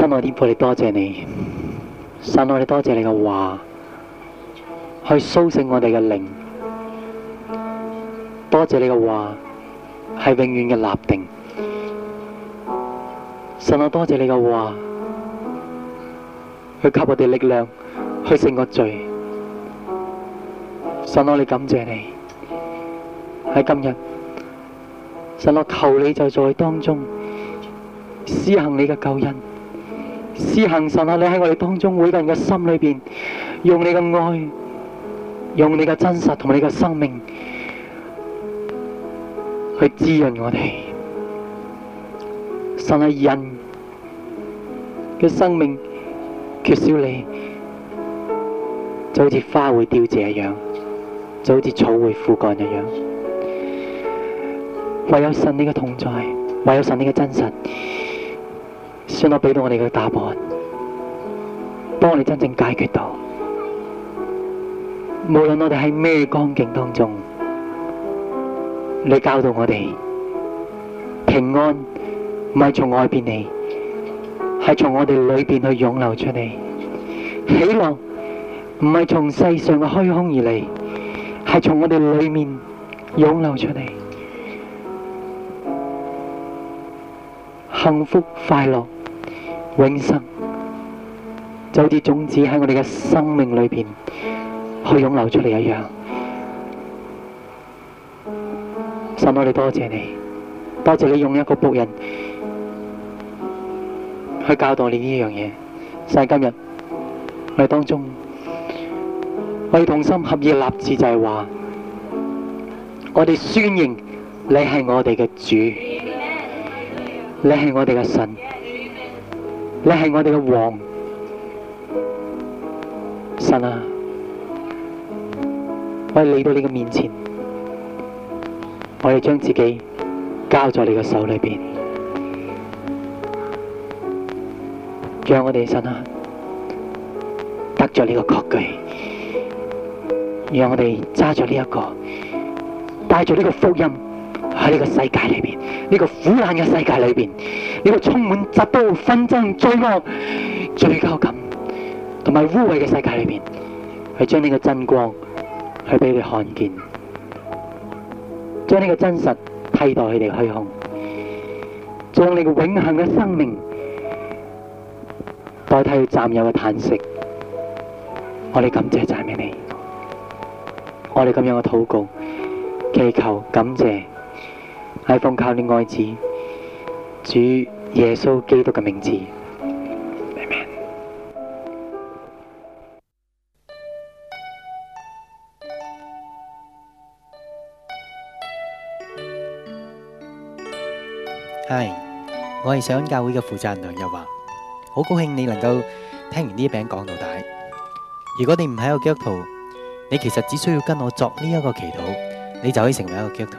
Speaker 1: 神我天父你，多謝你，神我你多謝你嘅話去蘇醒我哋嘅靈，多謝你嘅話係永遠嘅立定，神我多謝你嘅話去給我哋力量去勝過罪，神我你感謝你喺今日，神我求你就在當中施行你嘅救恩。施行神啊！你喺我哋當中每個人嘅心裏邊，用你嘅愛，用你嘅真實同埋你嘅生命去滋潤我哋。神係人嘅生命缺少你，就好似花會凋謝一樣，就好似草會枯乾一樣。唯有神你嘅同在，唯有神你嘅真實。算我俾到我哋嘅答案，幫我哋真正解決到，無論我哋喺咩光景當中，你教導我哋平安，唔係從外邊嚟，係從我哋裏邊去湧流出嚟。喜樂唔係從世上嘅虛空而嚟，係從我哋裏面湧流出嚟。幸福快樂。永生就好似種子喺我哋嘅生命裏邊去湧流出嚟一樣，神我哋多謝你，多謝你用一個僕人去教導你呢樣嘢。在今日我哋當中，我哋同心合意立志就係話，我哋宣認你係我哋嘅主，你係我哋嘅神。你係我哋嘅王，神啊！我哋嚟到你嘅面前，我哋將自己交在你嘅手裏邊，讓我哋神啊，得咗你嘅確據，讓我哋揸咗呢一個，帶住呢個福音，喺呢個世界裏邊，呢個苦難嘅世界裏邊，呢個充滿爭鬥紛爭、罪惡、罪疚感同埋污穢嘅世界裏邊，去將呢個真光去俾你看見，將呢個真實替代佢哋虛空，將你個永恆嘅生命代替佢暫有嘅嘆息。我哋感謝讚美你，我哋咁樣嘅禱告，祈求感謝。乃奉靠你愛子主耶穌基督嘅名字。阿
Speaker 2: 門。係，我係上教會嘅負責人梁日華，好高興你能夠聽完呢一餅講道帶。如果你唔係個基督徒，你其實只需要跟我作呢一個祈禱，你就可以成為一個基督徒。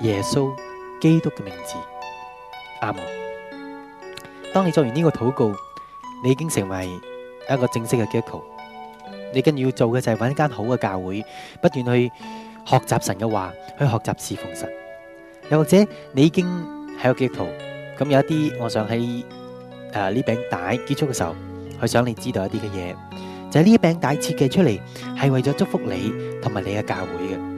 Speaker 2: 耶穌基督嘅名字，阿門。當你做完呢個禱告，你已經成為一個正式嘅基督徒。你跟住要做嘅就係揾一間好嘅教會，不斷去學習神嘅話，去學習侍奉神。又或者你已經喺個基督徒，咁有一啲我想喺誒呢餅帶結束嘅時候，佢想你知道一啲嘅嘢，就係呢一餅帶設計出嚟係為咗祝福你同埋你嘅教會嘅。